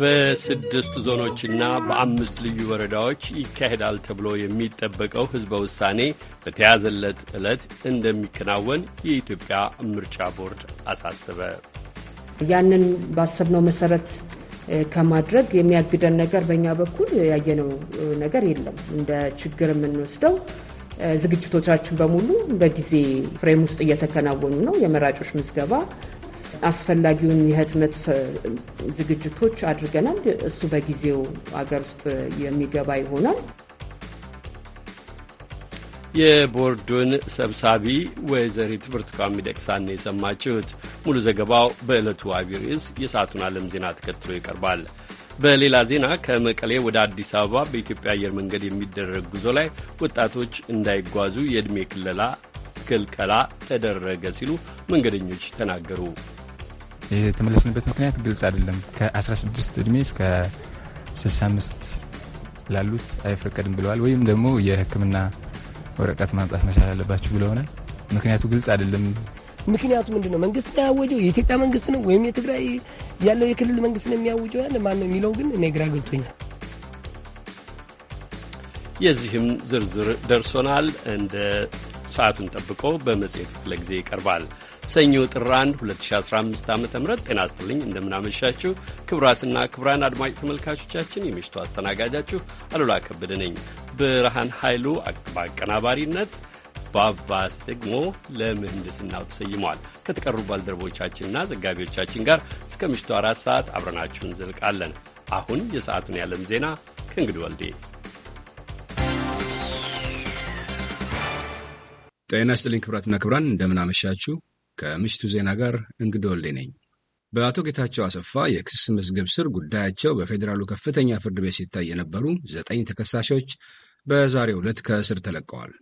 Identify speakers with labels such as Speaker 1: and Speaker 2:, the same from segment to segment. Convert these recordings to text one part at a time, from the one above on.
Speaker 1: በስድስት ዞኖችና በአምስት ልዩ ወረዳዎች ይካሄዳል ተብሎ የሚጠበቀው ህዝበ ውሳኔ በተያዘለት ዕለት እንደሚከናወን የኢትዮጵያ ምርጫ ቦርድ አሳሰበ።
Speaker 2: ያንን ባሰብነው መሰረት ከማድረግ የሚያግደን ነገር በእኛ በኩል ያየነው ነገር የለም። እንደ ችግር የምንወስደው ዝግጅቶቻችን በሙሉ በጊዜ ፍሬም ውስጥ እየተከናወኑ ነው። የመራጮች ምዝገባ አስፈላጊውን የህትመት ዝግጅቶች አድርገናል። እሱ በጊዜው አገር ውስጥ የሚገባ ይሆናል።
Speaker 1: የቦርዱን ሰብሳቢ ወይዘሪት ብርቱካን ሚደቅሳን የሰማችሁት። ሙሉ ዘገባው በዕለቱ አቢይ ርዕስ የሰዓቱን ዓለም ዜና ተከትሎ ይቀርባል። በሌላ ዜና ከመቀሌ ወደ አዲስ አበባ በኢትዮጵያ አየር መንገድ የሚደረግ ጉዞ ላይ ወጣቶች እንዳይጓዙ የዕድሜ ክልከላ ተደረገ ሲሉ መንገደኞች ተናገሩ።
Speaker 3: የተመለስንበት ምክንያት ግልጽ አይደለም። ከ16 እድሜ እስከ 65 ላሉት አይፈቀድም ብለዋል። ወይም ደግሞ የሕክምና ወረቀት ማምጣት መቻል አለባችሁ ብለውናል። ምክንያቱ ግልጽ አይደለም።
Speaker 4: ምክንያቱ ምንድን ነው? መንግስት ያወጀው የኢትዮጵያ መንግስት ነው ወይም የትግራይ ያለው የክልል መንግስት ነው የሚያውጀው ያለ ማን ነው የሚለው ግን እኔ ግራ ገብቶኛል።
Speaker 1: የዚህም ዝርዝር ደርሶናል እንደ ሰዓቱን ጠብቆ በመጽሔቱ ክፍለ ጊዜ ይቀርባል። ሰኞ ጥር 1 2015 ዓ ም ጤና ስትልኝ እንደምናመሻችሁ ክቡራትና ክቡራን አድማጭ ተመልካቾቻችን የምሽቱ አስተናጋጃችሁ አሉላ ከበደ ነኝ። ብርሃን ኃይሉ በአቀናባሪነት ባባስ ደግሞ ለምህንድስናው ተሰይመዋል። ከተቀሩ ባልደረቦቻችንና ዘጋቢዎቻችን ጋር እስከ ምሽቱ አራት ሰዓት አብረናችሁ እንዘልቃለን። አሁን የሰዓቱን ያለም ዜና ከእንግዲህ ወልዴ
Speaker 5: ጤና ይስጥልኝ ክብራትና ክብራን፣ እንደምናመሻችሁ ከምሽቱ ዜና ጋር እንግዶ ወልዴ ነኝ። በአቶ ጌታቸው አሰፋ የክስ መዝገብ ስር ጉዳያቸው በፌዴራሉ ከፍተኛ ፍርድ ቤት ሲታይ የነበሩ ዘጠኝ ተከሳሾች በዛሬው ዕለት ከእስር ተለቀዋል።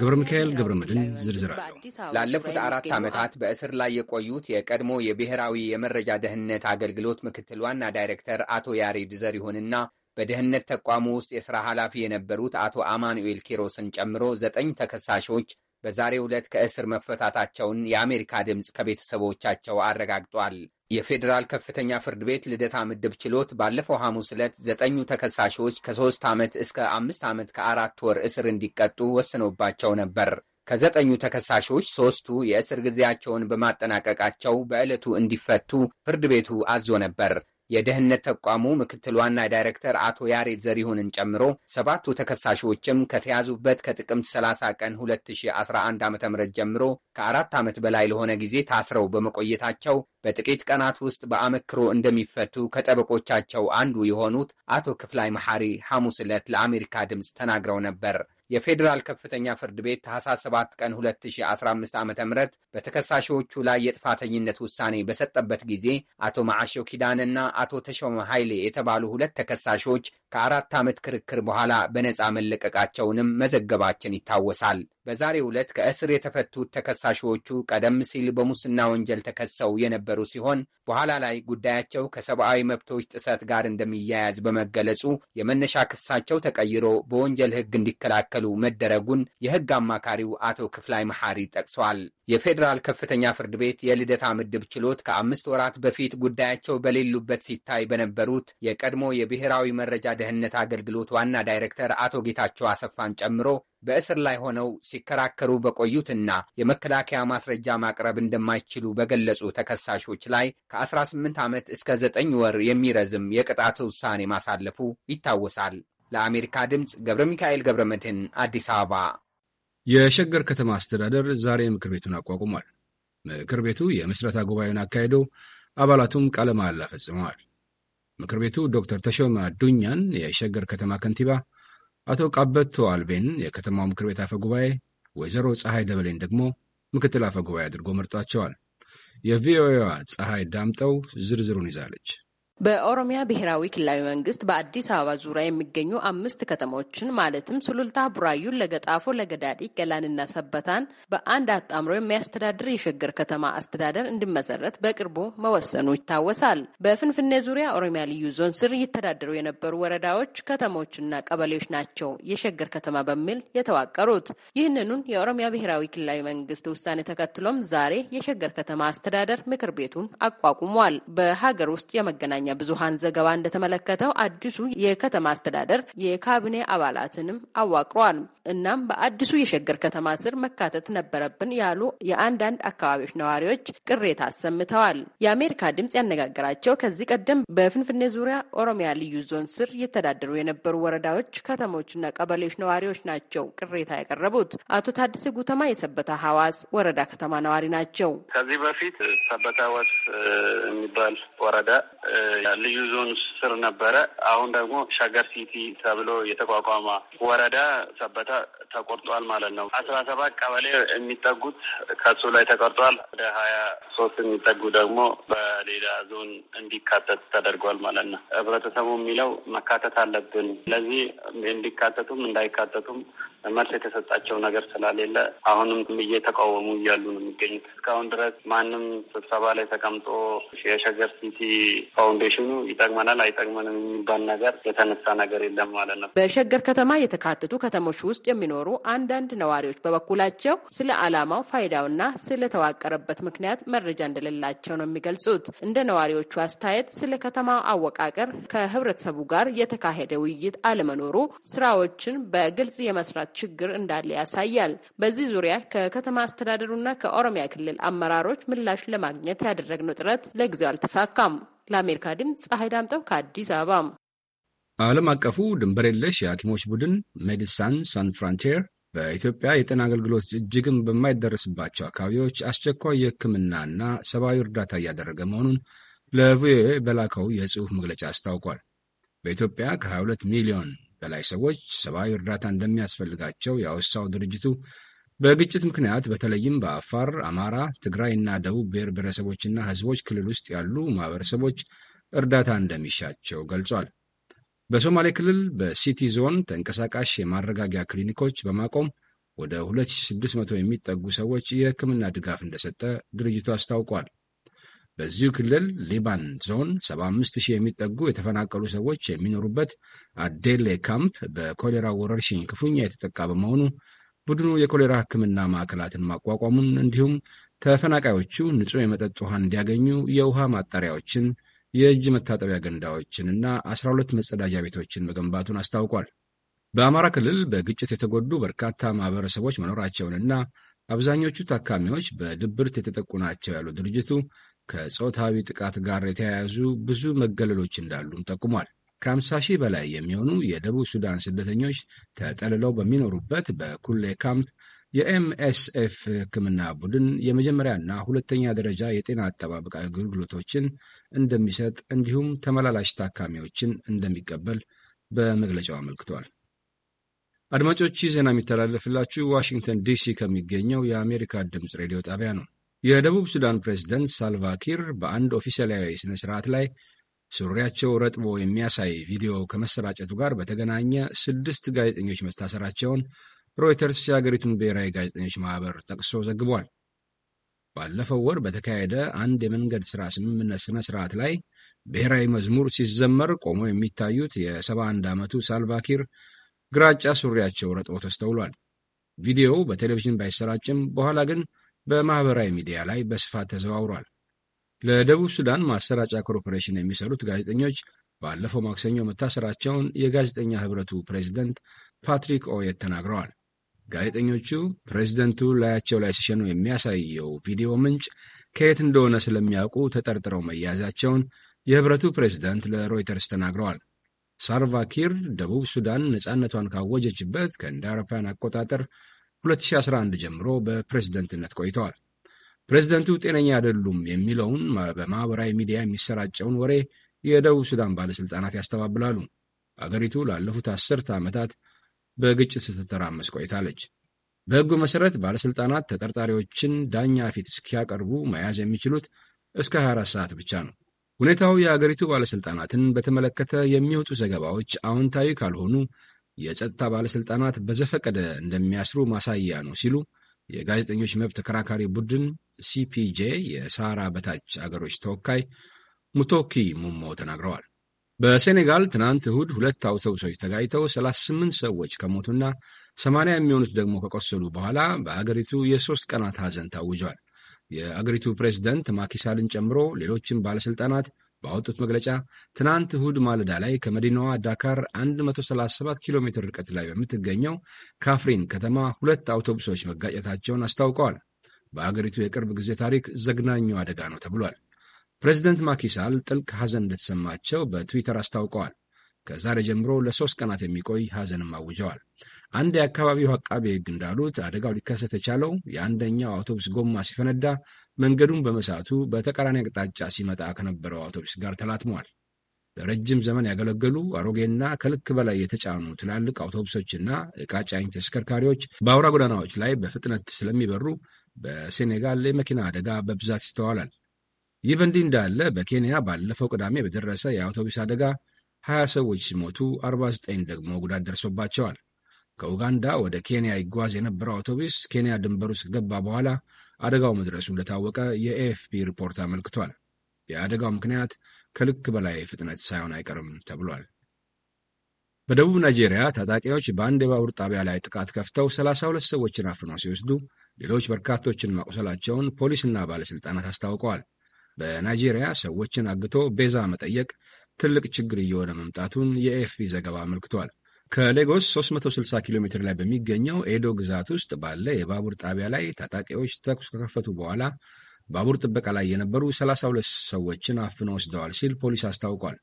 Speaker 5: ገብረ ሚካኤል ገብረ መድን ዝርዝር አለው።
Speaker 6: ላለፉት አራት ዓመታት በእስር ላይ የቆዩት የቀድሞ የብሔራዊ የመረጃ ደህንነት አገልግሎት ምክትል ዋና ዳይሬክተር አቶ ያሬድ ዘሪሁንና በደህንነት ተቋሙ ውስጥ የሥራ ኃላፊ የነበሩት አቶ አማኑኤል ኪሮስን ጨምሮ ዘጠኝ ተከሳሾች በዛሬ ዕለት ከእስር መፈታታቸውን የአሜሪካ ድምፅ ከቤተሰቦቻቸው አረጋግጧል። የፌዴራል ከፍተኛ ፍርድ ቤት ልደታ ምድብ ችሎት ባለፈው ሐሙስ ዕለት ዘጠኙ ተከሳሾች ከሦስት ዓመት እስከ አምስት ዓመት ከአራት ወር እስር እንዲቀጡ ወስኖባቸው ነበር። ከዘጠኙ ተከሳሾች ሦስቱ የእስር ጊዜያቸውን በማጠናቀቃቸው በዕለቱ እንዲፈቱ ፍርድ ቤቱ አዞ ነበር። የደህንነት ተቋሙ ምክትል ዋና ዳይሬክተር አቶ ያሬድ ዘሪሁንን ጨምሮ ሰባቱ ተከሳሾችም ከተያዙበት ከጥቅምት 30 ቀን 2011 ዓ ም ጀምሮ ከአራት ዓመት በላይ ለሆነ ጊዜ ታስረው በመቆየታቸው በጥቂት ቀናት ውስጥ በአመክሮ እንደሚፈቱ ከጠበቆቻቸው አንዱ የሆኑት አቶ ክፍላይ መሐሪ ሐሙስ ዕለት ለአሜሪካ ድምፅ ተናግረው ነበር። የፌዴራል ከፍተኛ ፍርድ ቤት ታህሳስ 7 ቀን 2015 ዓ ም በተከሳሾቹ ላይ የጥፋተኝነት ውሳኔ በሰጠበት ጊዜ አቶ ማዓሾ ኪዳንና አቶ ተሾመ ኃይሌ የተባሉ ሁለት ተከሳሾች ከአራት ዓመት ክርክር በኋላ በነፃ መለቀቃቸውንም መዘገባችን ይታወሳል። በዛሬው ዕለት ከእስር የተፈቱት ተከሳሾቹ ቀደም ሲል በሙስና ወንጀል ተከሰው የነበሩ ሲሆን በኋላ ላይ ጉዳያቸው ከሰብአዊ መብቶች ጥሰት ጋር እንደሚያያዝ በመገለጹ የመነሻ ክሳቸው ተቀይሮ በወንጀል ሕግ እንዲከላከሉ መደረጉን የሕግ አማካሪው አቶ ክፍላይ መሐሪ ጠቅሰዋል። የፌዴራል ከፍተኛ ፍርድ ቤት የልደታ ምድብ ችሎት ከአምስት ወራት በፊት ጉዳያቸው በሌሉበት ሲታይ በነበሩት የቀድሞ የብሔራዊ መረጃ ደህንነት አገልግሎት ዋና ዳይሬክተር አቶ ጌታቸው አሰፋን ጨምሮ በእስር ላይ ሆነው ሲከራከሩ በቆዩትና የመከላከያ ማስረጃ ማቅረብ እንደማይችሉ በገለጹ ተከሳሾች ላይ ከ18 ዓመት እስከ 9 ወር የሚረዝም የቅጣት ውሳኔ ማሳለፉ ይታወሳል። ለአሜሪካ ድምፅ ገብረ ሚካኤል ገብረ መድህን አዲስ አበባ።
Speaker 5: የሸገር ከተማ አስተዳደር ዛሬ ምክር ቤቱን አቋቁሟል። ምክር ቤቱ የምስረታ ጉባኤውን አካሄዶ አባላቱም ቃለ መሃላ ፈጽመዋል። ምክር ቤቱ ዶክተር ተሾመ አዱኛን የሸገር ከተማ ከንቲባ አቶ ቃበቶ አልቤን የከተማው ምክር ቤት አፈ ጉባኤ፣ ወይዘሮ ፀሐይ ደበሌን ደግሞ ምክትል አፈ ጉባኤ አድርጎ መርጧቸዋል። የቪኦኤዋ ፀሐይ ዳምጠው ዝርዝሩን ይዛለች።
Speaker 4: በኦሮሚያ ብሔራዊ ክልላዊ መንግስት በአዲስ አበባ ዙሪያ የሚገኙ አምስት ከተሞችን ማለትም ሱሉልታ፣ ቡራዩን፣ ለገጣፎ፣ ለገዳዲ፣ ገላንና ሰበታን በአንድ አጣምሮ የሚያስተዳድር የሸገር ከተማ አስተዳደር እንዲመሰረት በቅርቡ መወሰኑ ይታወሳል። በፍንፍኔ ዙሪያ ኦሮሚያ ልዩ ዞን ስር ይተዳደሩ የነበሩ ወረዳዎች፣ ከተሞችና ቀበሌዎች ናቸው የሸገር ከተማ በሚል የተዋቀሩት። ይህንኑን የኦሮሚያ ብሔራዊ ክልላዊ መንግስት ውሳኔ ተከትሎም ዛሬ የሸገር ከተማ አስተዳደር ምክር ቤቱን አቋቁሟል። በሀገር ውስጥ የመገናኛ መገናኛ ብዙሃን ዘገባ እንደተመለከተው አዲሱ የከተማ አስተዳደር የካቢኔ አባላትንም አዋቅሯል። እናም በአዲሱ የሸገር ከተማ ስር መካተት ነበረብን ያሉ የአንዳንድ አካባቢዎች ነዋሪዎች ቅሬታ አሰምተዋል። የአሜሪካ ድምጽ ያነጋገራቸው ከዚህ ቀደም በፍንፍኔ ዙሪያ ኦሮሚያ ልዩ ዞን ስር የተዳደሩ የነበሩ ወረዳዎች፣ ከተሞችና ቀበሌዎች ነዋሪዎች ናቸው ቅሬታ ያቀረቡት። አቶ ታድስ ጉተማ የሰበታ ሀዋስ ወረዳ ከተማ ነዋሪ ናቸው።
Speaker 7: ከዚህ በፊት
Speaker 8: ሰበታ ሀዋስ የሚባል ወረዳ ልዩ ዞን ስር ነበረ። አሁን ደግሞ ሸገር ሲቲ ተብሎ የተቋቋመ ወረዳ ሰበታ ተቆርጧል ማለት ነው። አስራ ሰባት ቀበሌ የሚጠጉት ከሱ ላይ ተቆርጧል። ወደ ሀያ ሶስት የሚጠጉ ደግሞ በሌላ ዞን እንዲካተት ተደርጓል ማለት ነው። ህብረተሰቡ የሚለው መካተት አለብን። ስለዚህ እንዲካተቱም እንዳይካተቱም መልስ
Speaker 1: የተሰጣቸው ነገር ስለሌለ አሁንም እየተቃወሙ እያሉ ነው የሚገኙት። እስካሁን ድረስ ማንም ስብሰባ ላይ ተቀምጦ የሸገር ሲቲ ፋውንዴሽኑ ይጠቅመናል አይጠቅመንም የሚባል ነገር የተነሳ ነገር የለም ማለት ነው።
Speaker 4: በሸገር ከተማ የተካተቱ ከተሞች ውስጥ የሚኖሩ አንዳንድ ነዋሪዎች በበኩላቸው ስለ ዓላማው ፋይዳውና ስለተዋቀረበት ምክንያት መረጃ እንደሌላቸው ነው የሚገልጹት። እንደ ነዋሪዎቹ አስተያየት ስለ ከተማው አወቃቀር ከህብረተሰቡ ጋር የተካሄደ ውይይት አለመኖሩ ስራዎችን በግልጽ የመስራት ችግር እንዳለ ያሳያል። በዚህ ዙሪያ ከከተማ አስተዳደሩና ከኦሮሚያ ክልል አመራሮች ምላሽ ለማግኘት ያደረግነው ጥረት ለጊዜው አልተሳካም። ለአሜሪካ ድምፅ ፀሐይ ዳምጠው ከአዲስ አበባ።
Speaker 5: ዓለም አቀፉ ድንበር የለሽ የሐኪሞች ቡድን ሜዲሳን ሳን ፍራንቲር በኢትዮጵያ የጤና አገልግሎት እጅግም በማይደረስባቸው አካባቢዎች አስቸኳይ የሕክምናና ሰብአዊ እርዳታ እያደረገ መሆኑን ለቪኦኤ በላከው የጽሑፍ መግለጫ አስታውቋል። በኢትዮጵያ ከ22 ሚሊዮን በላይ ሰዎች ሰብአዊ እርዳታ እንደሚያስፈልጋቸው ያወሳው ድርጅቱ በግጭት ምክንያት በተለይም በአፋር፣ አማራ፣ ትግራይና ደቡብ ብሔር ብሔረሰቦችና ህዝቦች ክልል ውስጥ ያሉ ማህበረሰቦች እርዳታ እንደሚሻቸው ገልጿል። በሶማሌ ክልል በሲቲ ዞን ተንቀሳቃሽ የማረጋጊያ ክሊኒኮች በማቆም ወደ 2600 የሚጠጉ ሰዎች የህክምና ድጋፍ እንደሰጠ ድርጅቱ አስታውቋል። በዚሁ ክልል ሊባን ዞን 75 ሺህ የሚጠጉ የተፈናቀሉ ሰዎች የሚኖሩበት አዴሌ ካምፕ በኮሌራ ወረርሽኝ ክፉኛ የተጠቃ በመሆኑ ቡድኑ የኮሌራ ሕክምና ማዕከላትን ማቋቋሙን እንዲሁም ተፈናቃዮቹ ንጹህ የመጠጥ ውሃ እንዲያገኙ የውሃ ማጣሪያዎችን፣ የእጅ መታጠቢያ ገንዳዎችን እና 12 መጸዳጃ ቤቶችን መገንባቱን አስታውቋል። በአማራ ክልል በግጭት የተጎዱ በርካታ ማህበረሰቦች መኖራቸውንና አብዛኞቹ ታካሚዎች በድብርት የተጠቁ ናቸው ያሉ ድርጅቱ ከጾታዊ ጥቃት ጋር የተያያዙ ብዙ መገለሎች እንዳሉም ጠቁሟል። ከ50 ሺህ በላይ የሚሆኑ የደቡብ ሱዳን ስደተኞች ተጠልለው በሚኖሩበት በኩሌ ካምፕ የኤምኤስኤፍ ሕክምና ቡድን የመጀመሪያና ሁለተኛ ደረጃ የጤና አጠባበቅ አገልግሎቶችን እንደሚሰጥ እንዲሁም ተመላላሽ ታካሚዎችን እንደሚቀበል በመግለጫው አመልክቷል። አድማጮች ዜና የሚተላለፍላችሁ ዋሽንግተን ዲሲ ከሚገኘው የአሜሪካ ድምፅ ሬዲዮ ጣቢያ ነው። የደቡብ ሱዳን ፕሬዝደንት ሳልቫኪር በአንድ ኦፊሴላዊ ስነ ስርዓት ላይ ሱሪያቸው ረጥቦ የሚያሳይ ቪዲዮ ከመሰራጨቱ ጋር በተገናኘ ስድስት ጋዜጠኞች መታሰራቸውን ሮይተርስ የአገሪቱን ብሔራዊ ጋዜጠኞች ማህበር ጠቅሶ ዘግቧል። ባለፈው ወር በተካሄደ አንድ የመንገድ ሥራ ስምምነት ሥነ ሥርዓት ላይ ብሔራዊ መዝሙር ሲዘመር ቆሞ የሚታዩት የ71 ዓመቱ ሳልቫኪር ግራጫ ሱሪያቸው ረጥቦ ተስተውሏል። ቪዲዮው በቴሌቪዥን ባይሰራጭም በኋላ ግን በማኅበራዊ ሚዲያ ላይ በስፋት ተዘዋውሯል። ለደቡብ ሱዳን ማሰራጫ ኮርፖሬሽን የሚሰሩት ጋዜጠኞች ባለፈው ማክሰኞ መታሰራቸውን የጋዜጠኛ ኅብረቱ ፕሬዚደንት ፓትሪክ ኦየት ተናግረዋል። ጋዜጠኞቹ ፕሬዚደንቱ ላያቸው ላይ ሲሸኑ የሚያሳየው ቪዲዮ ምንጭ ከየት እንደሆነ ስለሚያውቁ ተጠርጥረው መያዛቸውን የኅብረቱ ፕሬዚዳንት ለሮይተርስ ተናግረዋል። ሳልቫ ደቡብ ሱዳን ነፃነቷን ካወጀችበት ከእንደ አውሮፓውያን አቆጣጠር 2011 ጀምሮ በፕሬዝደንትነት ቆይተዋል። ፕሬዝደንቱ ጤነኛ አይደሉም የሚለውን በማኅበራዊ ሚዲያ የሚሰራጨውን ወሬ የደቡብ ሱዳን ባለሥልጣናት ያስተባብላሉ። አገሪቱ ላለፉት አስርተ ዓመታት በግጭት ስትተራመስ ቆይታለች። በሕጉ መሠረት ባለሥልጣናት ተጠርጣሪዎችን ዳኛ ፊት እስኪያቀርቡ መያዝ የሚችሉት እስከ 24 ሰዓት ብቻ ነው። ሁኔታው የአገሪቱ ባለሥልጣናትን በተመለከተ የሚወጡ ዘገባዎች አዎንታዊ ካልሆኑ የጸጥታ ባለሥልጣናት በዘፈቀደ እንደሚያስሩ ማሳያ ነው ሲሉ የጋዜጠኞች መብት ተከራካሪ ቡድን ሲፒጄ የሳራ በታች አገሮች ተወካይ ሙቶኪ ሙሞ ተናግረዋል። በሴኔጋል ትናንት እሁድ ሁለት አውቶቡሶች ተጋጭተው 38 ሰዎች ከሞቱና 80 የሚሆኑት ደግሞ ከቆሰሉ በኋላ በአገሪቱ የሦስት ቀናት ሐዘን ታውጇል። የአገሪቱ ፕሬዝደንት ማኪሳልን ጨምሮ ሌሎችም ባለሥልጣናት ባወጡት መግለጫ ትናንት እሁድ ማለዳ ላይ ከመዲናዋ ዳካር 137 ኪሎ ሜትር ርቀት ላይ በምትገኘው ካፍሪን ከተማ ሁለት አውቶቡሶች መጋጨታቸውን አስታውቀዋል። በአገሪቱ የቅርብ ጊዜ ታሪክ ዘግናኙ አደጋ ነው ተብሏል። ፕሬዚደንት ማኪሳል ጥልቅ ሐዘን እንደተሰማቸው በትዊተር አስታውቀዋል። ከዛሬ ጀምሮ ለሶስት ቀናት የሚቆይ ሐዘንም አውጀዋል። አንድ የአካባቢው አቃቤ ሕግ እንዳሉት አደጋው ሊከሰት የቻለው የአንደኛው አውቶቡስ ጎማ ሲፈነዳ መንገዱን በመሳቱ በተቃራኒ አቅጣጫ ሲመጣ ከነበረው አውቶቡስ ጋር ተላትሟል። ለረጅም ዘመን ያገለገሉ አሮጌና ከልክ በላይ የተጫኑ ትላልቅ አውቶቡሶችና ዕቃ ጫኝ ተሽከርካሪዎች በአውራ ጎዳናዎች ላይ በፍጥነት ስለሚበሩ በሴኔጋል የመኪና አደጋ በብዛት ይስተዋላል። ይህ በእንዲህ እንዳለ በኬንያ ባለፈው ቅዳሜ በደረሰ የአውቶቡስ አደጋ 20 ሰዎች ሲሞቱ 49 ደግሞ ጉዳት ደርሶባቸዋል። ከኡጋንዳ ወደ ኬንያ ይጓዝ የነበረው አውቶቡስ ኬንያ ድንበር ውስጥ ገባ በኋላ አደጋው መድረሱ እንደታወቀ የኤኤፍፒ ሪፖርት አመልክቷል። የአደጋው ምክንያት ከልክ በላይ ፍጥነት ሳይሆን አይቀርም ተብሏል። በደቡብ ናይጄሪያ ታጣቂዎች በአንድ የባቡር ጣቢያ ላይ ጥቃት ከፍተው 32 ሰዎችን አፍነው ሲወስዱ ሌሎች በርካቶችን ማቁሰላቸውን ፖሊስና ባለሥልጣናት አስታውቀዋል። በናይጄሪያ ሰዎችን አግቶ ቤዛ መጠየቅ ትልቅ ችግር እየሆነ መምጣቱን የኤፍፒ ዘገባ አመልክቷል። ከሌጎስ 360 ኪሎ ሜትር ላይ በሚገኘው ኤዶ ግዛት ውስጥ ባለ የባቡር ጣቢያ ላይ ታጣቂዎች ተኩስ ከከፈቱ በኋላ ባቡር ጥበቃ ላይ የነበሩ 32 ሰዎችን አፍነው ወስደዋል ሲል ፖሊስ አስታውቋል።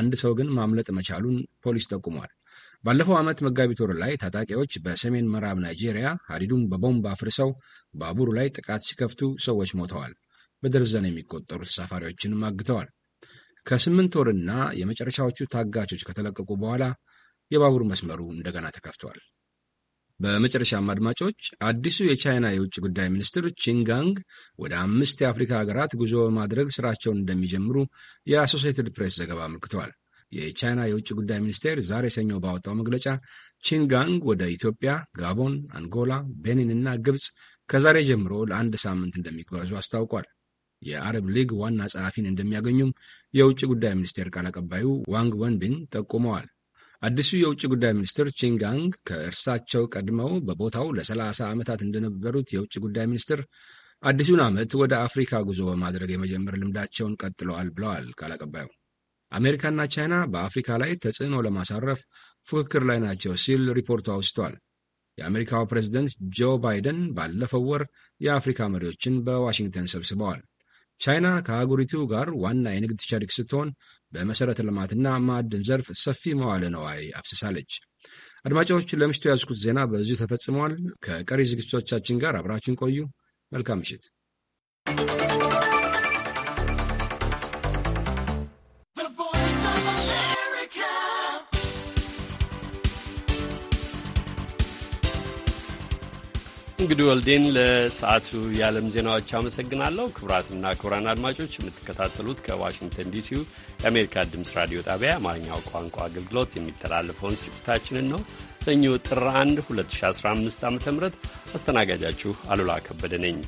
Speaker 5: አንድ ሰው ግን ማምለጥ መቻሉን ፖሊስ ጠቁሟል። ባለፈው ዓመት መጋቢት ወር ላይ ታጣቂዎች በሰሜን ምዕራብ ናይጄሪያ ሀዲዱን በቦምብ አፍርሰው ባቡሩ ላይ ጥቃት ሲከፍቱ ሰዎች ሞተዋል። በደርዘን የሚቆጠሩ ተሳፋሪዎችንም አግተዋል። ከስምንት ወርና የመጨረሻዎቹ ታጋቾች ከተለቀቁ በኋላ የባቡር መስመሩ እንደገና ተከፍቷል። በመጨረሻም አድማጮች አዲሱ የቻይና የውጭ ጉዳይ ሚኒስትር ቺንጋንግ ወደ አምስት የአፍሪካ ሀገራት ጉዞ በማድረግ ስራቸውን እንደሚጀምሩ የአሶሴትድ ፕሬስ ዘገባ አመልክተዋል። የቻይና የውጭ ጉዳይ ሚኒስቴር ዛሬ ሰኞ ባወጣው መግለጫ ቺንጋንግ ወደ ኢትዮጵያ፣ ጋቦን፣ አንጎላ፣ ቤኒን እና ግብፅ ከዛሬ ጀምሮ ለአንድ ሳምንት እንደሚጓዙ አስታውቋል። የአረብ ሊግ ዋና ጸሐፊን እንደሚያገኙም የውጭ ጉዳይ ሚኒስቴር ቃል አቀባዩ ዋንግ ወንቢን ጠቁመዋል። አዲሱ የውጭ ጉዳይ ሚኒስትር ቺንጋንግ ከእርሳቸው ቀድመው በቦታው ለ30 ዓመታት እንደነበሩት የውጭ ጉዳይ ሚኒስትር አዲሱን ዓመት ወደ አፍሪካ ጉዞ በማድረግ የመጀመር ልምዳቸውን ቀጥለዋል ብለዋል ቃል አቀባዩ። አሜሪካና ቻይና በአፍሪካ ላይ ተጽዕኖ ለማሳረፍ ፉክክር ላይ ናቸው ሲል ሪፖርቱ አውስቷል። የአሜሪካው ፕሬዝደንት ጆ ባይደን ባለፈው ወር የአፍሪካ መሪዎችን በዋሽንግተን ሰብስበዋል። ቻይና ከአህጉሪቱ ጋር ዋና የንግድ ሸሪክ ስትሆን በመሠረተ ልማትና ማዕድን ዘርፍ ሰፊ መዋለ ነዋይ አፍስሳለች። አድማጮች፣ ለምሽቱ ያዝኩት ዜና በዚሁ ተፈጽመዋል። ከቀሪ ዝግጅቶቻችን ጋር አብራችን ቆዩ። መልካም ምሽት።
Speaker 1: እንግዲህ ወልዴን ለሰዓቱ የዓለም ዜናዎች አመሰግናለሁ። ክቡራትና ክቡራን አድማጮች የምትከታተሉት ከዋሽንግተን ዲሲው የአሜሪካ ድምፅ ራዲዮ ጣቢያ የአማርኛው ቋንቋ አገልግሎት የሚተላለፈውን ስርጭታችንን ነው። ሰኞ ጥር 1 2015 ዓ ም አስተናጋጃችሁ አሉላ ከበደ ነኝ።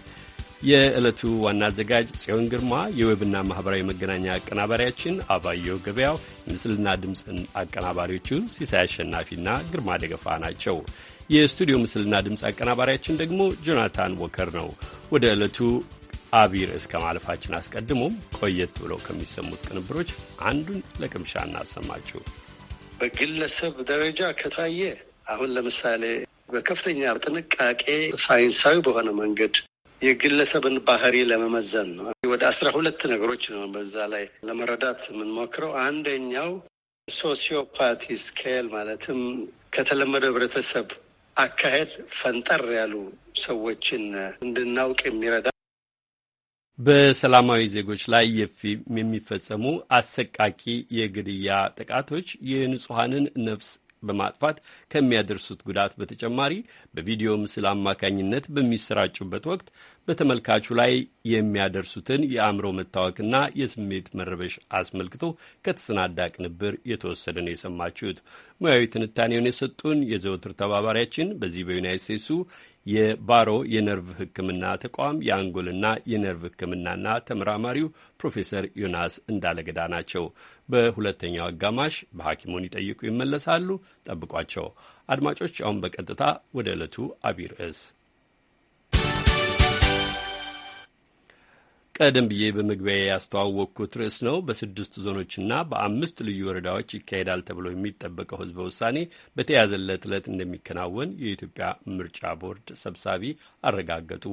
Speaker 1: የዕለቱ ዋና አዘጋጅ ጽዮን ግርማ፣ የዌብና ማኅበራዊ መገናኛ አቀናባሪያችን አባየው ገበያው፣ ምስልና ድምፅን አቀናባሪዎቹ ሲሳይ አሸናፊና ግርማ ደገፋ ናቸው። የስቱዲዮ ምስልና ድምፅ አቀናባሪያችን ደግሞ ጆናታን ወከር ነው። ወደ ዕለቱ አቢር እስከ ማለፋችን አስቀድሞም ቆየት ብለው ከሚሰሙት ቅንብሮች አንዱን ለቅምሻ እናሰማችሁ።
Speaker 7: በግለሰብ ደረጃ ከታየ አሁን ለምሳሌ በከፍተኛ ጥንቃቄ ሳይንሳዊ በሆነ መንገድ የግለሰብን ባህሪ ለመመዘን ነው። ወደ አስራ ሁለት ነገሮች ነው በዛ ላይ ለመረዳት የምንሞክረው። አንደኛው ሶሲዮፓቲ ስኬል ማለትም ከተለመደው ህብረተሰብ አካሄድ ፈንጠር ያሉ ሰዎችን እንድናውቅ የሚረዳ
Speaker 1: በሰላማዊ ዜጎች ላይ የሚፈጸሙ አሰቃቂ የግድያ ጥቃቶች የንጹሐንን ነፍስ በማጥፋት ከሚያደርሱት ጉዳት በተጨማሪ በቪዲዮ ምስል አማካኝነት በሚሰራጩበት ወቅት በተመልካቹ ላይ የሚያደርሱትን የአእምሮ መታወክና የስሜት መረበሽ አስመልክቶ ከተሰናዳ ቅንብር የተወሰደ ነው የሰማችሁት። ሙያዊ ትንታኔውን የሰጡን የዘወትር ተባባሪያችን በዚህ በዩናይት ስቴትሱ የባሮ የነርቭ ሕክምና ተቋም የአንጎልና የነርቭ ሕክምናና ተመራማሪው ፕሮፌሰር ዮናስ እንዳለገዳ ናቸው። በሁለተኛው አጋማሽ በሐኪሙን ይጠይቁ ይመለሳሉ። ጠብቋቸው አድማጮች። አሁን በቀጥታ ወደ ዕለቱ አቢይ ርዕስ ቀደም ብዬ በመግቢያ ያስተዋወቅኩት ርዕስ ነው። በስድስት ዞኖችና በአምስት ልዩ ወረዳዎች ይካሄዳል ተብሎ የሚጠበቀው ህዝበ ውሳኔ በተያዘለት ዕለት እንደሚከናወን የኢትዮጵያ ምርጫ ቦርድ ሰብሳቢ አረጋገጡ።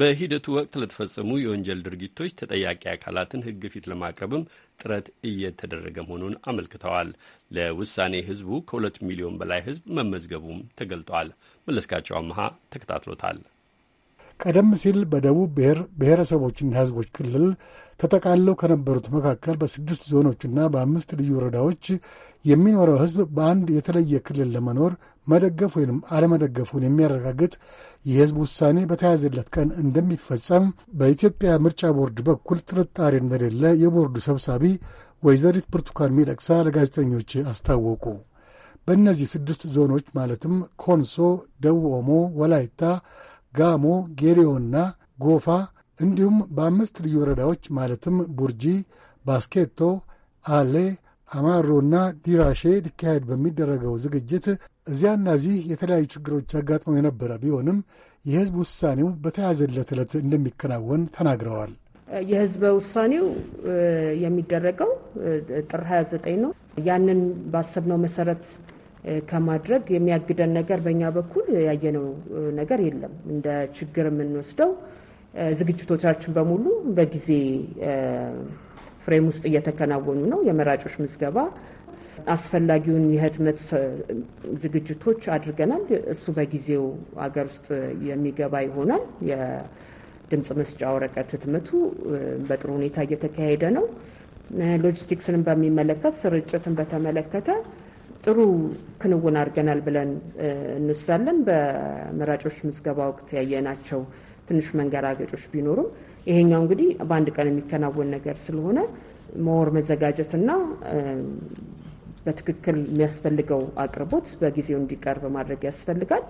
Speaker 1: በሂደቱ ወቅት ለተፈጸሙ የወንጀል ድርጊቶች ተጠያቂ አካላትን ህግ ፊት ለማቅረብም ጥረት እየተደረገ መሆኑን አመልክተዋል። ለውሳኔ ህዝቡ ከሁለት ሚሊዮን በላይ ህዝብ መመዝገቡም ተገልጧል። መለስካቸው አመሃ ተከታትሎታል።
Speaker 9: ቀደም ሲል በደቡብ ብሔር ብሔረሰቦችና ሕዝቦች ክልል ተጠቃለው ከነበሩት መካከል በስድስት ዞኖችና በአምስት ልዩ ወረዳዎች የሚኖረው ሕዝብ በአንድ የተለየ ክልል ለመኖር መደገፍ ወይም አለመደገፉን የሚያረጋግጥ የሕዝብ ውሳኔ በተያዘለት ቀን እንደሚፈጸም በኢትዮጵያ ምርጫ ቦርድ በኩል ጥርጣሬ እንደሌለ የቦርዱ ሰብሳቢ ወይዘሪት ብርቱካን ሚደቅሳ ለጋዜጠኞች አስታወቁ። በእነዚህ ስድስት ዞኖች ማለትም ኮንሶ፣ ደቡብ ኦሞ፣ ወላይታ ጋሞ፣ ጌዴዮና ጎፋ እንዲሁም በአምስት ልዩ ወረዳዎች ማለትም ቡርጂ፣ ባስኬቶ፣ አሌ፣ አማሮና ዲራሼ ሊካሄድ በሚደረገው ዝግጅት እዚያና እዚህ የተለያዩ ችግሮች አጋጥመው የነበረ ቢሆንም የህዝብ ውሳኔው በተያዘለት ዕለት እንደሚከናወን ተናግረዋል።
Speaker 2: የህዝበ ውሳኔው የሚደረገው ጥር 29 ነው። ያንን ባሰብነው መሰረት ከማድረግ የሚያግደን ነገር በእኛ በኩል ያየነው ነገር የለም። እንደ ችግር የምንወስደው ዝግጅቶቻችን በሙሉ በጊዜ ፍሬም ውስጥ እየተከናወኑ ነው። የመራጮች ምዝገባ አስፈላጊውን የህትመት ዝግጅቶች አድርገናል። እሱ በጊዜው አገር ውስጥ የሚገባ ይሆናል። የድምፅ መስጫ ወረቀት ህትመቱ በጥሩ ሁኔታ እየተካሄደ ነው። ሎጂስቲክስንም በሚመለከት ስርጭትን በተመለከተ ጥሩ ክንውን አድርገናል ብለን እንወስዳለን። በመራጮች ምዝገባ ወቅት ያየናቸው ትንሽ መንገራገጮች ቢኖሩም ይሄኛው እንግዲህ በአንድ ቀን የሚከናወን ነገር ስለሆነ መወር መዘጋጀትና በትክክል የሚያስፈልገው አቅርቦት በጊዜው እንዲቀርብ ማድረግ ያስፈልጋል።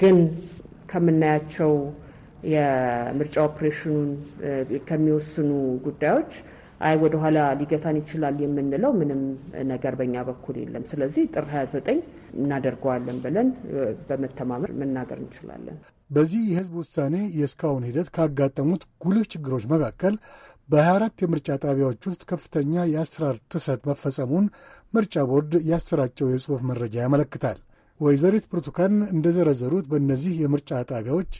Speaker 2: ግን ከምናያቸው የምርጫ ኦፕሬሽኑን ከሚወስኑ ጉዳዮች አይ ወደ ኋላ ሊገታን ይችላል የምንለው ምንም ነገር በእኛ በኩል የለም። ስለዚህ ጥር 29 እናደርገዋለን ብለን በመተማመን መናገር እንችላለን።
Speaker 9: በዚህ የህዝብ ውሳኔ የእስካሁን ሂደት ካጋጠሙት ጉልህ ችግሮች መካከል በ24 የምርጫ ጣቢያዎች ውስጥ ከፍተኛ የአሰራር ጥሰት መፈጸሙን ምርጫ ቦርድ ያሰራጨው የጽሑፍ መረጃ ያመለክታል። ወይዘሪት ብርቱካን እንደዘረዘሩት በእነዚህ የምርጫ ጣቢያዎች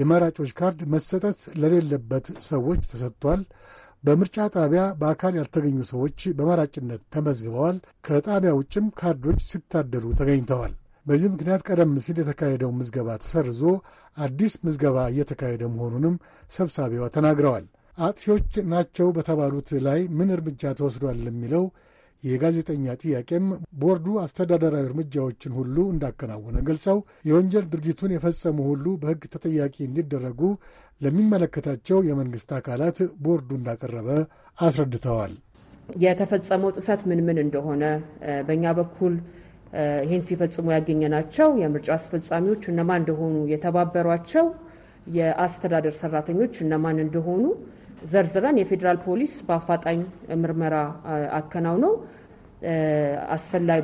Speaker 9: የመራጮች ካርድ መሰጠት ለሌለበት ሰዎች ተሰጥቷል። በምርጫ ጣቢያ በአካል ያልተገኙ ሰዎች በመራጭነት ተመዝግበዋል። ከጣቢያ ውጭም ካርዶች ሲታደሉ ተገኝተዋል። በዚህ ምክንያት ቀደም ሲል የተካሄደው ምዝገባ ተሰርዞ አዲስ ምዝገባ እየተካሄደ መሆኑንም ሰብሳቢዋ ተናግረዋል። አጥፊዎች ናቸው በተባሉት ላይ ምን እርምጃ ተወስዷል የሚለው የጋዜጠኛ ጥያቄም ቦርዱ አስተዳደራዊ እርምጃዎችን ሁሉ እንዳከናወነ ገልጸው የወንጀል ድርጊቱን የፈጸሙ ሁሉ በሕግ ተጠያቂ እንዲደረጉ ለሚመለከታቸው የመንግሥት አካላት ቦርዱ እንዳቀረበ አስረድተዋል።
Speaker 2: የተፈጸመው ጥሰት ምን ምን እንደሆነ በእኛ በኩል ይህን ሲፈጽሙ ያገኘናቸው የምርጫ አስፈጻሚዎች እነማን እንደሆኑ የተባበሯቸው የአስተዳደር ሰራተኞች እነማን እንደሆኑ ዘርዝረን የፌዴራል ፖሊስ በአፋጣኝ ምርመራ አከናውነው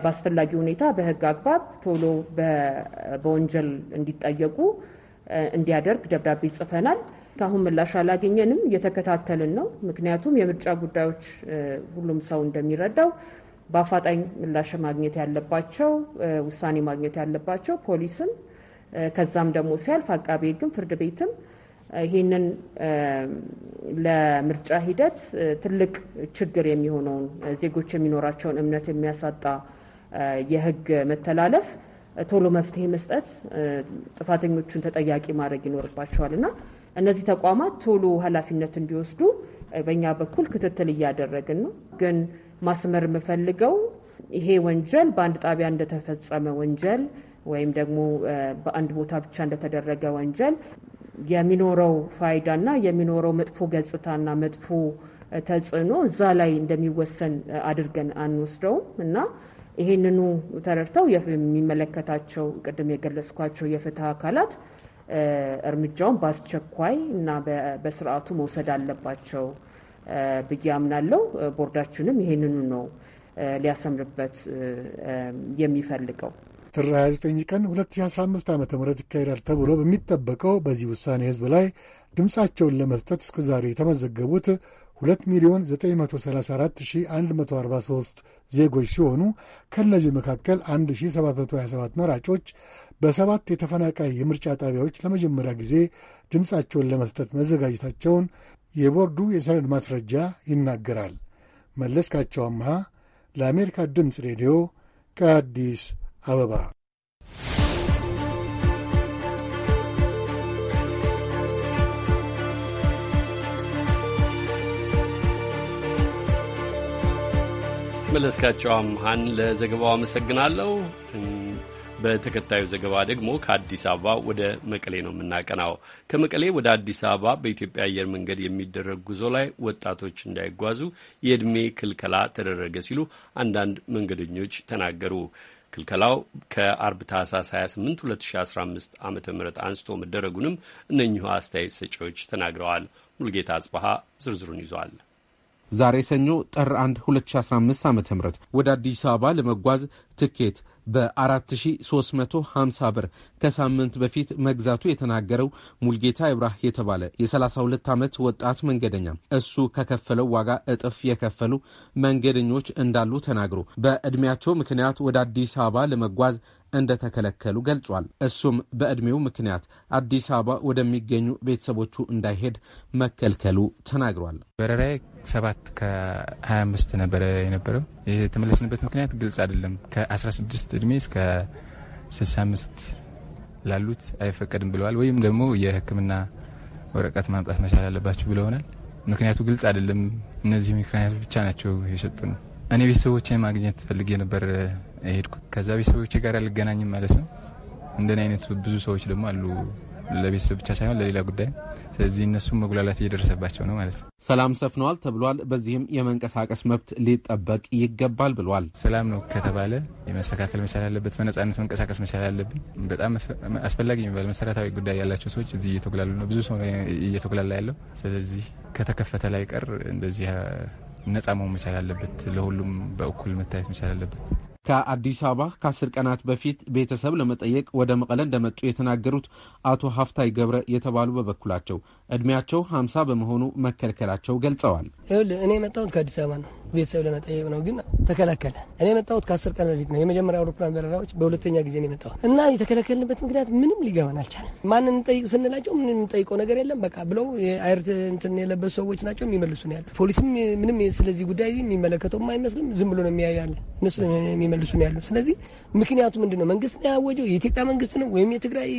Speaker 2: በአስፈላጊ ሁኔታ በህግ አግባብ ቶሎ በወንጀል እንዲጠየቁ እንዲያደርግ ደብዳቤ ጽፈናል። እስካሁን ምላሽ አላገኘንም፣ እየተከታተልን ነው። ምክንያቱም የምርጫ ጉዳዮች ሁሉም ሰው እንደሚረዳው በአፋጣኝ ምላሽ ማግኘት ያለባቸው ውሳኔ ማግኘት ያለባቸው ፖሊስም ከዛም ደግሞ ሲያልፍ አቃቤ ህግም ፍርድ ቤትም ይህንን ለምርጫ ሂደት ትልቅ ችግር የሚሆነውን ዜጎች የሚኖራቸውን እምነት የሚያሳጣ የህግ መተላለፍ ቶሎ መፍትሄ መስጠት፣ ጥፋተኞቹን ተጠያቂ ማድረግ ይኖርባቸዋል እና እነዚህ ተቋማት ቶሎ ኃላፊነት እንዲወስዱ በእኛ በኩል ክትትል እያደረግን ነው። ግን ማስመር የምፈልገው ይሄ ወንጀል በአንድ ጣቢያ እንደተፈጸመ ወንጀል ወይም ደግሞ በአንድ ቦታ ብቻ እንደተደረገ ወንጀል የሚኖረው ፋይዳና የሚኖረው መጥፎ ገጽታና መጥፎ ተጽዕኖ እዛ ላይ እንደሚወሰን አድርገን አንወስደውም እና ይህንኑ ተረድተው የሚመለከታቸው ቅድም የገለጽኳቸው የፍትህ አካላት እርምጃውን በአስቸኳይ እና በስርዓቱ መውሰድ አለባቸው ብዬ አምናለሁ። ቦርዳችንም ይህንኑ ነው ሊያሰምርበት የሚፈልገው።
Speaker 9: ጥር 29 ቀን 2015 ዓ ም ይካሄዳል ተብሎ በሚጠበቀው በዚህ ውሳኔ ህዝብ ላይ ድምፃቸውን ለመስጠት ዛሬ የተመዘገቡት 2 ሚሊዮን 934143 ዜጎች ሲሆኑ ከእነዚህ መካከል 1727 መራጮች በሰባት የተፈናቃይ የምርጫ ጣቢያዎች ለመጀመሪያ ጊዜ ድምፃቸውን ለመስጠት መዘጋጀታቸውን የቦርዱ የሰነድ ማስረጃ ይናገራል። መለስካቸው አምሃ ለአሜሪካ ድምፅ ሬዲዮ ከአዲስ አበባ
Speaker 1: መለስካቸው አምሃን ለዘገባው አመሰግናለሁ። በተከታዩ ዘገባ ደግሞ ከአዲስ አበባ ወደ መቀሌ ነው የምናቀናው። ከመቀሌ ወደ አዲስ አበባ በኢትዮጵያ አየር መንገድ የሚደረግ ጉዞ ላይ ወጣቶች እንዳይጓዙ የዕድሜ ክልከላ ተደረገ ሲሉ አንዳንድ መንገደኞች ተናገሩ። ክልከላው ከአርብ ታህሳስ 28 2015 ዓ ም አንስቶ መደረጉንም እነኚሁ አስተያየት ሰጪዎች ተናግረዋል። ሙልጌታ አጽበሃ ዝርዝሩን ይዟል።
Speaker 10: ዛሬ ሰኞ ጥር 1 2015 ዓ ም ወደ አዲስ አበባ ለመጓዝ ትኬት በ4350 ብር ከሳምንት በፊት መግዛቱ የተናገረው ሙልጌታ ይብራህ የተባለ የ32 ዓመት ወጣት መንገደኛ እሱ ከከፈለው ዋጋ እጥፍ የከፈሉ መንገደኞች እንዳሉ ተናግሮ በዕድሜያቸው ምክንያት ወደ አዲስ አበባ ለመጓዝ እንደተከለከሉ ገልጿል። እሱም በዕድሜው ምክንያት አዲስ አበባ ወደሚገኙ ቤተሰቦቹ እንዳይሄድ መከልከሉ ተናግሯል። በረራዬ
Speaker 3: ሰባት ከ25 ነበረ የነበረው። የተመለስንበት ምክንያት ግልጽ አይደለም። ከ16 ዕድሜ እስከ 65 ላሉት አይፈቀድም ብለዋል። ወይም ደግሞ የሕክምና ወረቀት ማምጣት መቻል አለባችሁ ብለውናል። ምክንያቱ ግልጽ አይደለም። እነዚህ ምክንያቶች ብቻ ናቸው ነው። እኔ ቤተሰቦቼ ማግኘት ፈልጌ ነበር ሄድኩ። ከዛ ቤተሰቦቼ ጋር አልገናኝም ማለት ነው። እንደኔ አይነቱ ብዙ ሰዎች ደግሞ አሉ ለቤተሰብ ብቻ ሳይሆን ለሌላ ጉዳይ። ስለዚህ እነሱም መጉላላት እየደረሰባቸው ነው ማለት ነው። ሰላም ሰፍነዋል ተብሏል። በዚህም የመንቀሳቀስ መብት ሊጠበቅ ይገባል ብሏል። ሰላም ነው ከተባለ መስተካከል መቻል አለበት። በነጻነት መንቀሳቀስ መቻል አለብን። በጣም አስፈላጊ የሚባል መሰረታዊ ጉዳይ ያላቸው ሰዎች እዚህ እየተጉላሉ ነው። ብዙ ሰው እየተጉላላ ያለው ስለዚህ ከተከፈተ ላይ ቀር እንደዚህ ነጻ መሆን መቻል አለበት። ለሁሉም በእኩል መታየት መቻል አለበት።
Speaker 10: ከአዲስ አበባ ከአስር ቀናት በፊት ቤተሰብ ለመጠየቅ ወደ መቀለ እንደመጡ የተናገሩት አቶ ሀፍታይ ገብረ የተባሉ በበኩላቸው እድሜያቸው ሀምሳ በመሆኑ መከልከላቸው ገልጸዋል።
Speaker 4: ይኸውልህ እኔ የመጣሁት ከአዲስ አበባ ነው፣ ቤተሰብ ለመጠየቅ ነው፣ ግን ተከለከለ። እኔ የመጣሁት ከአስር ቀን በፊት ነው። የመጀመሪያ አውሮፕላን በረራዎች በሁለተኛ ጊዜ ነው የመጣሁት እና የተከለከልንበት ምክንያት ምንም ሊገባን አልቻለም። ማንን እንጠይቅ ስንላቸው ምንም እንጠይቀው ነገር የለም በቃ ብለው የአይርት እንትን የለበሱ ሰዎች ናቸው የሚመልሱ ነው ያሉ። ፖሊስም ምንም ስለዚህ ጉዳይ የሚመለከተውም አይመስልም። ዝም ብሎ ነው የሚያያለ እነሱ እየተመለሱ ነው ያለው። ስለዚህ ምክንያቱ ምንድን ነው? መንግስት ነው ያወጀው? የኢትዮጵያ መንግስት ነው ወይም የትግራይ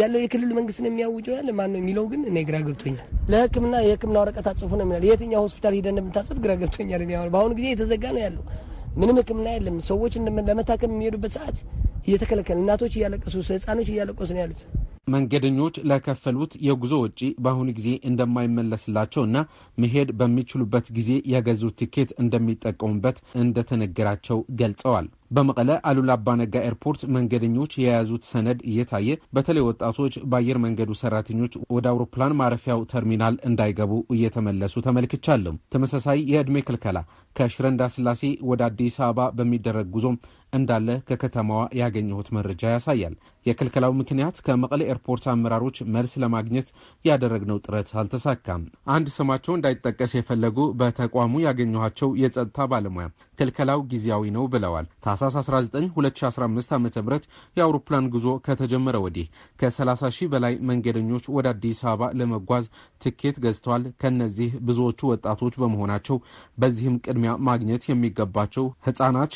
Speaker 4: ያለው የክልል መንግስት ነው የሚያወጀው? ያለ ማን ነው የሚለው ግን እኔ ግራ ገብቶኛል። ለህክምና የህክምና ወረቀት አጽፉ ነው የሚላል። የትኛው ሆስፒታል ሂደህ እንደምታጽፍ ግራ ገብቶኛል። በአሁኑ ጊዜ የተዘጋ ነው ያለው። ምንም ህክምና የለም። ሰዎች ለመታከም የሚሄዱበት ሰዓት እየተከለከለ፣ እናቶች እያለቀሱ፣ ህጻኖች እያለቀሱ ነው ያሉት።
Speaker 10: መንገደኞች ለከፈሉት የጉዞ ወጪ በአሁኑ ጊዜ እንደማይመለስላቸው እና መሄድ በሚችሉበት ጊዜ የገዙት ትኬት እንደሚጠቀሙበት እንደተነገራቸው ገልጸዋል። በመቀለ አሉላ አባነጋ ኤርፖርት መንገደኞች የያዙት ሰነድ እየታየ በተለይ ወጣቶች በአየር መንገዱ ሰራተኞች ወደ አውሮፕላን ማረፊያው ተርሚናል እንዳይገቡ እየተመለሱ ተመልክቻለሁ። ተመሳሳይ የዕድሜ ክልከላ ከሽረ እንዳስላሴ ወደ አዲስ አበባ በሚደረግ ጉዞም እንዳለ ከከተማዋ ያገኘሁት መረጃ ያሳያል። የክልከላው ምክንያት ከመቀለ ኤርፖርት አመራሮች መልስ ለማግኘት ያደረግነው ጥረት አልተሳካም። አንድ ስማቸው እንዳይጠቀስ የፈለጉ በተቋሙ ያገኘኋቸው የጸጥታ ባለሙያ ክልከላው ጊዜያዊ ነው ብለዋል። ታህሳስ 19 2015 ዓ ም የአውሮፕላን ጉዞ ከተጀመረ ወዲህ ከ30 ሺህ በላይ መንገደኞች ወደ አዲስ አበባ ለመጓዝ ትኬት ገዝተዋል። ከነዚህ ብዙዎቹ ወጣቶች በመሆናቸው በዚህም ቅድሚያ ማግኘት የሚገባቸው ህጻናት፣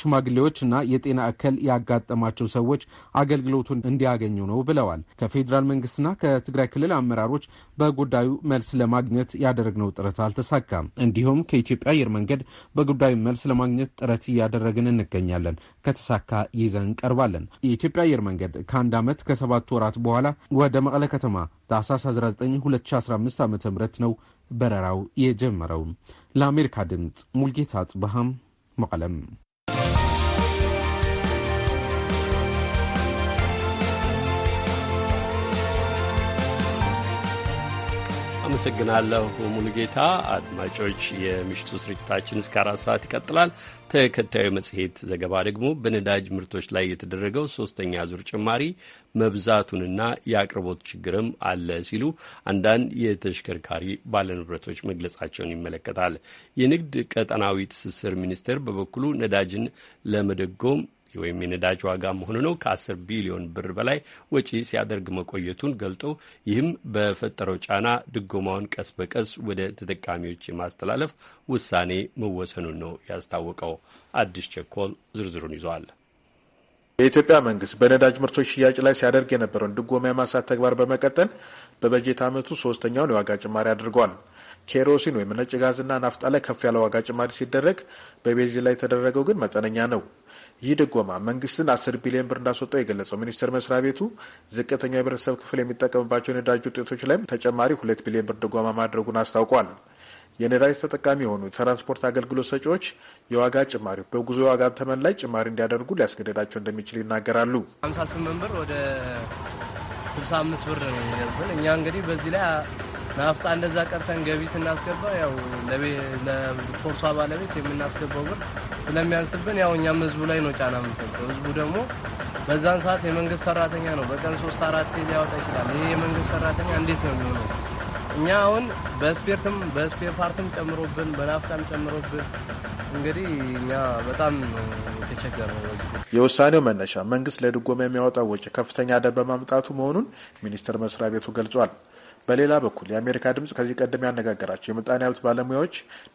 Speaker 10: እና የጤና እክል ያጋጠማቸው ሰዎች አገልግሎቱን እንዲያገኙ ነው ብለዋል። ከፌዴራል መንግስትና ከትግራይ ክልል አመራሮች በጉዳዩ መልስ ለማግኘት ያደረግነው ጥረት አልተሳካም። እንዲሁም ከኢትዮጵያ አየር መንገድ በጉዳዩ መልስ ለማግኘት ጥረት እያደረግን እንገኛለን። ከተሳካ ይዘን እንቀርባለን። የኢትዮጵያ አየር መንገድ ከአንድ ዓመት ከሰባት ወራት በኋላ ወደ መቀለ ከተማ ታህሳስ 19 2015 ዓ ም ነው በረራው የጀመረው። ለአሜሪካ ድምፅ ሙልጌታ አጽብሃም መቀለም
Speaker 1: አመሰግናለሁ ሙሉጌታ። አድማጮች የምሽቱ ስርጭታችን እስከ አራት ሰዓት ይቀጥላል። ተከታዩ መጽሔት ዘገባ ደግሞ በነዳጅ ምርቶች ላይ የተደረገው ሶስተኛ ዙር ጭማሪ መብዛቱንና የአቅርቦት ችግርም አለ ሲሉ አንዳንድ የተሽከርካሪ ባለንብረቶች መግለጻቸውን ይመለከታል። የንግድ ቀጠናዊ ትስስር ሚኒስቴር በበኩሉ ነዳጅን ለመደጎም ወይም የነዳጅ ዋጋ መሆኑ ነው ከ10 ቢሊዮን ብር በላይ ወጪ ሲያደርግ መቆየቱን ገልጦ ይህም በፈጠረው ጫና ድጎማውን ቀስ በቀስ ወደ ተጠቃሚዎች የማስተላለፍ ውሳኔ መወሰኑን ነው ያስታወቀው። አዲስ ቸኮል ዝርዝሩን ይዟል።
Speaker 11: የኢትዮጵያ መንግስት በነዳጅ ምርቶች ሽያጭ ላይ ሲያደርግ የነበረውን ድጎማ የማንሳት ተግባር በመቀጠል በበጀት ዓመቱ ሶስተኛውን የዋጋ ጭማሪ አድርጓል። ኬሮሲን ወይም ነጭ ጋዝና ናፍጣ ላይ ከፍ ያለ ዋጋ ጭማሪ ሲደረግ በቤንዚን ላይ የተደረገው ግን መጠነኛ ነው። ይህ ድጎማ መንግስትን አስር ቢሊዮን ብር እንዳስወጣው የገለጸው ሚኒስቴር መስሪያ ቤቱ ዝቅተኛው የህብረተሰብ ክፍል የሚጠቀምባቸው ነዳጅ ውጤቶች ላይም ተጨማሪ ሁለት ቢሊዮን ብር ድጎማ ማድረጉን አስታውቋል። የነዳጅ ተጠቃሚ የሆኑ የትራንስፖርት አገልግሎት ሰጪዎች የዋጋ ጭማሪ በጉዞ ዋጋ ተመን ላይ ጭማሪ እንዲያደርጉ ሊያስገደዳቸው እንደሚችል ይናገራሉ።
Speaker 10: 58 ብር ወደ 65 ብር ነው። እኛ እንግዲህ በዚህ ላይ ናፍጣ እንደዛ ቀርተን ገቢ ስናስገባ ያው ለፎርሷ ባለቤት የምናስገባው ብር ስለሚያንስብን ያው እኛም ህዝቡ ላይ ነው ጫና ምንፈልገው። ህዝቡ ደግሞ በዛን ሰዓት የመንግስት ሰራተኛ ነው፣ በቀን ሶስት አራት ሊያወጣ ይችላል። ይህ የመንግስት ሰራተኛ እንዴት ነው የሚሆነው? እኛ አሁን በስፔርትም በስፔር ፓርትም ጨምሮብን በናፍጣም ጨምሮብን እንግዲህ እኛ በጣም ነው።
Speaker 11: የውሳኔው መነሻ መንግስት ለድጎማ የሚያወጣው ወጪ ከፍተኛ ዕዳ በማምጣቱ መሆኑን ሚኒስቴር መስሪያ ቤቱ ገልጿል። በሌላ በኩል የአሜሪካ ድምፅ ከዚህ ቀደም ያነጋገራቸው የምጣኔ ሀብት ባለሙያዎች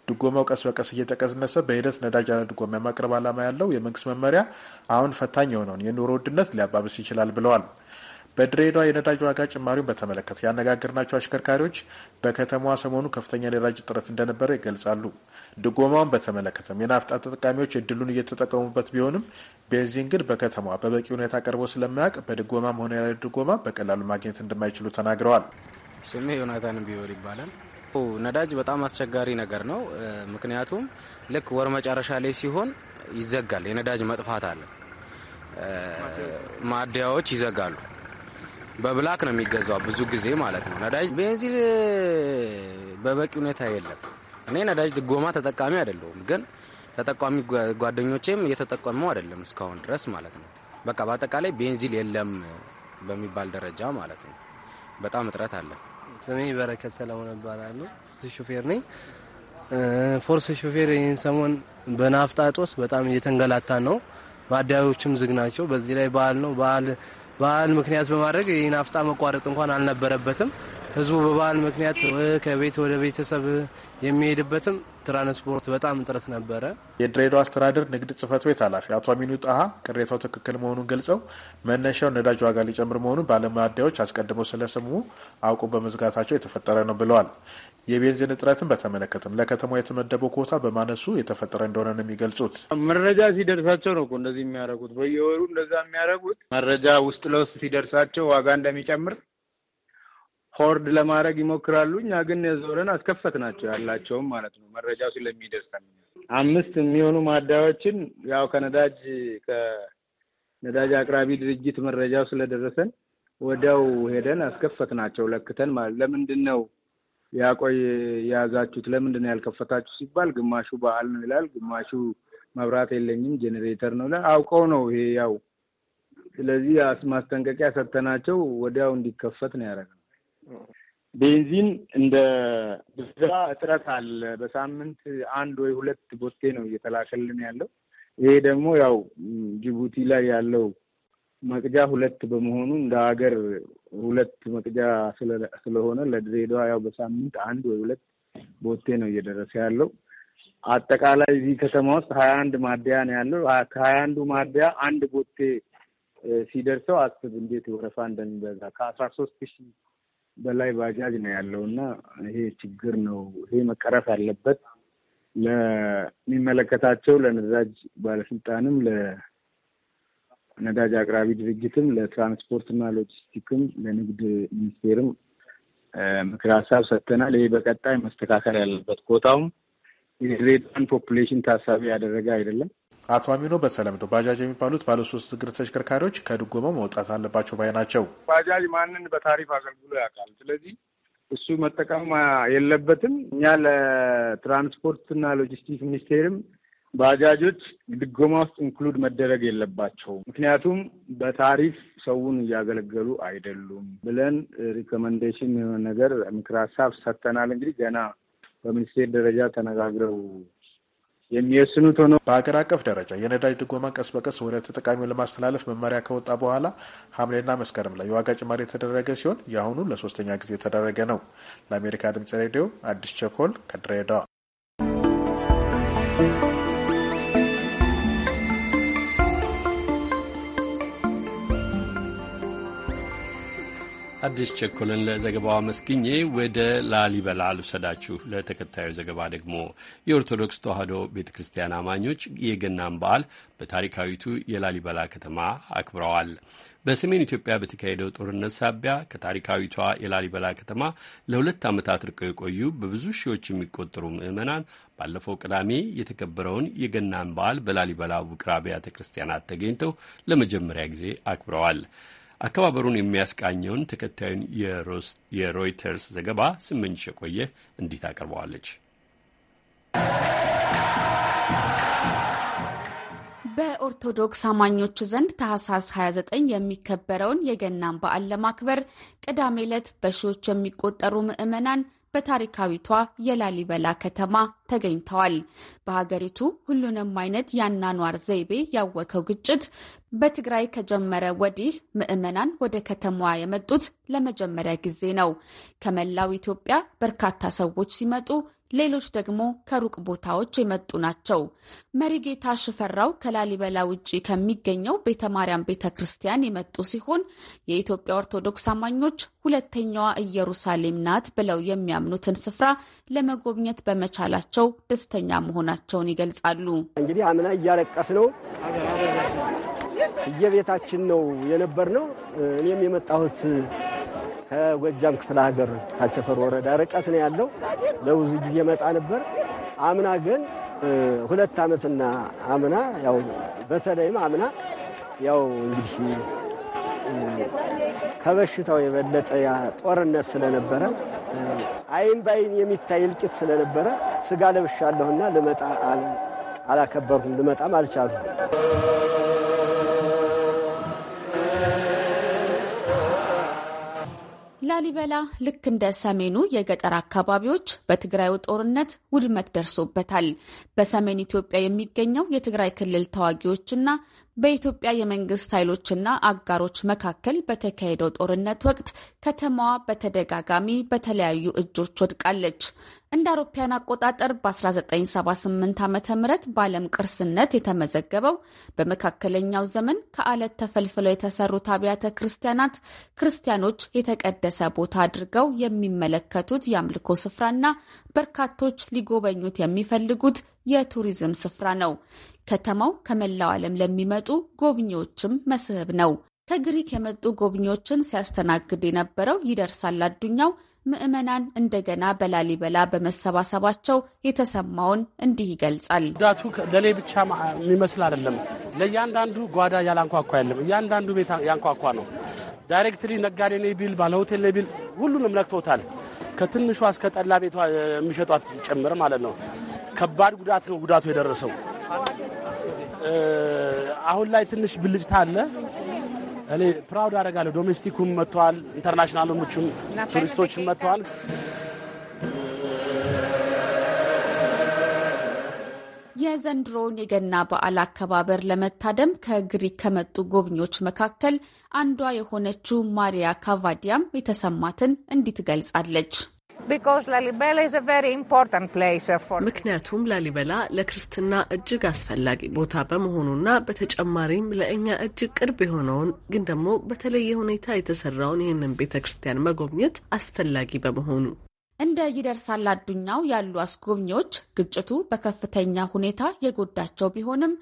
Speaker 11: ድጎማው ቀስ በቀስ እየተቀነሰ በሂደት ነዳጅ ያለ ድጎማ የማቅረብ ዓላማ ያለው የመንግስት መመሪያ አሁን ፈታኝ የሆነውን የኑሮ ውድነት ሊያባብስ ይችላል ብለዋል። በድሬዳዋ የነዳጅ ዋጋ ጭማሪውን በተመለከተ ያነጋገርናቸው አሽከርካሪዎች በከተማዋ ሰሞኑ ከፍተኛ ነዳጅ እጥረት እንደነበረ ይገልጻሉ። ድጎማውን በተመለከተም የናፍጣ ተጠቃሚዎች እድሉን እየተጠቀሙበት ቢሆንም ቤንዚን ግን በከተማዋ በበቂ ሁኔታ ቀርቦ ስለማያውቅ በድጎማም ሆነ ያለ ድጎማ በቀላሉ ማግኘት እንደማይችሉ ተናግረዋል።
Speaker 10: ስሜ ዮናታን ቢወር ይባላል። ነዳጅ በጣም አስቸጋሪ ነገር ነው። ምክንያቱም ልክ ወር መጨረሻ ላይ ሲሆን ይዘጋል። የነዳጅ መጥፋት አለ። ማደያዎች ይዘጋሉ። በብላክ ነው የሚገዛው ብዙ ጊዜ ማለት ነው። ነዳጅ ቤንዚን በበቂ ሁኔታ የለም። እኔ ነዳጅ ድጎማ ተጠቃሚ አይደለሁም፣ ግን ተጠቋሚ ጓደኞቼም እየተጠቀሙ አይደለም እስካሁን ድረስ ማለት ነው። በቃ በአጠቃላይ ቤንዚን የለም በሚባል ደረጃ ማለት ነው። በጣም እጥረት አለ። ስሜ በረከት ሰለሞን እባላለሁ። ሹፌር ነኝ። ፎርስ ሹፌር ይህን ሰሞን በናፍጣ ጦስ በጣም እየተንገላታ ነው። በአደባባዮችም ዝግ ናቸው። በዚህ ላይ በዓል ነው። በዓል ምክንያት በማድረግ ይህ ናፍጣ መቋረጥ እንኳን አልነበረበትም። ህዝቡ በበዓል ምክንያት ከቤት ወደ ቤተሰብ የሚሄድበትም ትራንስፖርት በጣም እጥረት ነበረ።
Speaker 11: የድሬዳዋ አስተዳደር ንግድ ጽህፈት ቤት ኃላፊ አቶ አሚኑ ጣሀ ቅሬታው ትክክል መሆኑን ገልጸው መነሻው ነዳጅ ዋጋ ሊጨምር መሆኑን ባለማደያዎች አስቀድመው ስለሰሙ አውቆ በመዝጋታቸው የተፈጠረ ነው ብለዋል። የቤንዚን እጥረትን በተመለከተም ለከተማ የተመደበው ኮታ በማነሱ የተፈጠረ እንደሆነ ነው የሚገልጹት።
Speaker 8: መረጃ ሲደርሳቸው ነው እንደዚህ የሚያደርጉት፣ በየወሩ እንደዛ የሚያደርጉት መረጃ ውስጥ ለውስጥ ሲደርሳቸው ዋጋ እንደሚጨምር ሆርድ ለማድረግ ይሞክራሉ። እኛ ግን የዞረን አስከፈት ናቸው ያላቸውም ማለት ነው። መረጃው ስለሚደርሰን አምስት የሚሆኑ ማዳዎችን ያው ከነዳጅ ከነዳጅ አቅራቢ ድርጅት መረጃው ስለደረሰን ወዲያው ሄደን አስከፈት ናቸው ለክተን ማለት ለምንድን ነው ያቆይ የያዛችሁት ለምንድን ነው ያልከፈታችሁ ሲባል ግማሹ በዓል ነው ይላል፣ ግማሹ መብራት የለኝም ጄኔሬተር ነው ይላል። አውቀው ነው ይሄ ያው። ስለዚህ ማስጠንቀቂያ ሰጥተናቸው ወዲያው እንዲከፈት ነው ያደረግነው። ቤንዚን እንደ ብዛ እጥረት አለ። በሳምንት አንድ ወይ ሁለት ቦቴ ነው እየተላከልን ያለው። ይሄ ደግሞ ያው ጅቡቲ ላይ ያለው መቅጃ ሁለት በመሆኑ እንደ ሀገር ሁለት መቅጃ ስለሆነ ለድሬዳዋ ያው በሳምንት አንድ ወይ ሁለት ቦቴ ነው እየደረሰ ያለው። አጠቃላይ እዚህ ከተማ ውስጥ ሀያ አንድ ማደያ ነው ያለው። ከሀያ አንዱ ማደያ አንድ ቦቴ ሲደርሰው አስብ እንዴት ወረፋ እንደሚበዛ ከአስራ ሶስት ሺህ በላይ ባጃጅ ነው ያለው እና ይሄ ችግር ነው። ይሄ መቀረፍ አለበት። ለሚመለከታቸው ለነዳጅ ባለስልጣንም ለነዳጅ አቅራቢ ድርጅትም ለትራንስፖርትና ሎጂስቲክም ለንግድ ሚኒስቴርም ምክር ሀሳብ ሰጥተናል። ይሄ በቀጣይ መስተካከል ያለበት ኮታውም የድሬዳዋን ፖፑሌሽን ታሳቢ ያደረገ አይደለም። አቶ አሚኖ በተለምዶ ባጃጅ የሚባሉት
Speaker 11: ባለሶስት እግር ተሽከርካሪዎች ከድጎማው መውጣት አለባቸው ባይ ናቸው።
Speaker 8: ባጃጅ ማንን በታሪፍ አገልግሎ ያውቃል። ስለዚህ እሱ መጠቀም የለበትም። እኛ ለትራንስፖርትና ሎጂስቲክስ ሚኒስቴርም ባጃጆች ድጎማ ውስጥ ኢንክሉድ መደረግ የለባቸውም፣ ምክንያቱም በታሪፍ ሰውን እያገለገሉ አይደሉም ብለን ሪኮመንዴሽን የሆነ ነገር ምክር ሀሳብ ሰጥተናል። እንግዲህ ገና በሚኒስቴር ደረጃ ተነጋግረው የሚወስኑት ሆኖ በሀገር አቀፍ ደረጃ የነዳጅ ድጎማ ቀስ በቀስ ወደ ተጠቃሚው
Speaker 11: ለማስተላለፍ መመሪያ ከወጣ በኋላ ሐምሌና መስከረም ላይ የዋጋ ጭማሪ የተደረገ ሲሆን የአሁኑ ለሶስተኛ ጊዜ የተደረገ ነው። ለአሜሪካ ድምጽ ሬዲዮ አዲስ ቸኮል ከድሬዳዋ
Speaker 1: አዲስ ቸኮልን ለዘገባው አመስግኜ ወደ ላሊበላ ልውሰዳችሁ። ለተከታዩ ዘገባ ደግሞ የኦርቶዶክስ ተዋሕዶ ቤተ ክርስቲያን አማኞች የገናን በዓል በታሪካዊቱ የላሊበላ ከተማ አክብረዋል። በሰሜን ኢትዮጵያ በተካሄደው ጦርነት ሳቢያ ከታሪካዊቷ የላሊበላ ከተማ ለሁለት ዓመታት ርቀው የቆዩ በብዙ ሺዎች የሚቆጠሩ ምዕመናን ባለፈው ቅዳሜ የተከበረውን የገናን በዓል በላሊበላ ውቅር አብያተ ክርስቲያናት ተገኝተው ለመጀመሪያ ጊዜ አክብረዋል። አከባበሩን የሚያስቃኘውን ተከታዩን የሮይተርስ ዘገባ ስመኝሽ የቆየ እንዲህ ታቀርበዋለች።
Speaker 12: በኦርቶዶክስ አማኞች ዘንድ ታህሳስ 29 የሚከበረውን የገናን በዓል ለማክበር ቅዳሜ ዕለት በሺዎች የሚቆጠሩ ምዕመናን በታሪካዊቷ የላሊበላ ከተማ ተገኝተዋል። በሀገሪቱ ሁሉንም አይነት የአኗኗር ዘይቤ ያወከው ግጭት በትግራይ ከጀመረ ወዲህ ምዕመናን ወደ ከተማዋ የመጡት ለመጀመሪያ ጊዜ ነው። ከመላው ኢትዮጵያ በርካታ ሰዎች ሲመጡ ሌሎች ደግሞ ከሩቅ ቦታዎች የመጡ ናቸው። መሪጌታ ሽፈራው ከላሊበላ ውጪ ከሚገኘው ቤተ ማርያም ቤተ ክርስቲያን የመጡ ሲሆን የኢትዮጵያ ኦርቶዶክስ አማኞች ሁለተኛዋ ኢየሩሳሌም ናት ብለው የሚያምኑትን ስፍራ ለመጎብኘት በመቻላቸው ደስተኛ መሆናቸውን ይገልጻሉ። እንግዲህ አምና እያለቀስ ነው
Speaker 1: እየቤታችን ነው የነበር ነው እኔም የመጣሁት ከጎጃም ክፍለ ሀገር ታቸፈር ወረዳ ርቀት ነው ያለው። ለብዙ ጊዜ መጣ ነበር። አምና
Speaker 2: ግን ሁለት ዓመትና አምና ያው በተለይም አምና ያው እንግዲህ ከበሽታው የበለጠ ጦርነት ስለነበረ አይን ባይን የሚታይ እልቂት ስለነበረ ስጋ ለብሻለሁና
Speaker 1: ልመጣ አላከበርኩም፣ ልመጣም አልቻሉም።
Speaker 12: ላሊበላ ልክ እንደ ሰሜኑ የገጠር አካባቢዎች በትግራዩ ጦርነት ውድመት ደርሶበታል። በሰሜን ኢትዮጵያ የሚገኘው የትግራይ ክልል ተዋጊዎችና በኢትዮጵያ የመንግስት ኃይሎችና አጋሮች መካከል በተካሄደው ጦርነት ወቅት ከተማዋ በተደጋጋሚ በተለያዩ እጆች ወድቃለች። እንደ አውሮፓያን አቆጣጠር በ1978 ዓ ም በዓለም ቅርስነት የተመዘገበው በመካከለኛው ዘመን ከአለት ተፈልፍለው የተሰሩት አብያተ ክርስቲያናት ክርስቲያኖች የተቀደሰ ቦታ አድርገው የሚመለከቱት የአምልኮ ስፍራና በርካቶች ሊጎበኙት የሚፈልጉት የቱሪዝም ስፍራ ነው። ከተማው ከመላው ዓለም ለሚመጡ ጎብኚዎችም መስህብ ነው። ከግሪክ የመጡ ጎብኚዎችን ሲያስተናግድ የነበረው ይደርሳል አዱኛው ምዕመናን እንደገና በላሊበላ በመሰባሰባቸው የተሰማውን እንዲህ ይገልጻል።
Speaker 1: ጉዳቱ ለእኔ ብቻ የሚመስል አይደለም። ለእያንዳንዱ ጓዳ ያላንኳኳ የለም። እያንዳንዱ ቤት ያንኳኳ ነው። ዳይሬክትሊ ነጋዴ ነው ቢል፣ ባለሆቴል ነው ቢል ሁሉንም ነክቶታል። ከትንሿ እስከ ጠላ ቤቷ የሚሸጧት ጭምር ማለት ነው። ከባድ ጉዳት ነው ጉዳቱ የደረሰው። አሁን ላይ ትንሽ ብልጭታ አለ። እኔ ፕራውድ አደርጋለሁ። ዶሜስቲኩም መጥተዋል፣ ኢንተርናሽናሎቹም
Speaker 10: ቱሪስቶችም
Speaker 12: መጥተዋል። የዘንድሮውን የገና በዓል አከባበር ለመታደም ከግሪክ ከመጡ ጎብኚዎች መካከል አንዷ የሆነችው ማሪያ ካቫዲያም የተሰማትን እንዲህ ትገልጻለች። Uh,
Speaker 6: ምክንያቱም
Speaker 4: ላሊበላ ለክርስትና እጅግ አስፈላጊ ቦታ በመሆኑና በተጨማሪም ለእኛ እጅግ ቅርብ የሆነውን ግን ደግሞ በተለየ ሁኔታ የተሰራውን ይህንን ቤተ ክርስቲያን መጎብኘት አስፈላጊ በመሆኑ
Speaker 12: እንደ ይደርሳል አዱኛው ያሉ አስጎብኚዎች ግጭቱ በከፍተኛ ሁኔታ የጎዳቸው ቢሆንም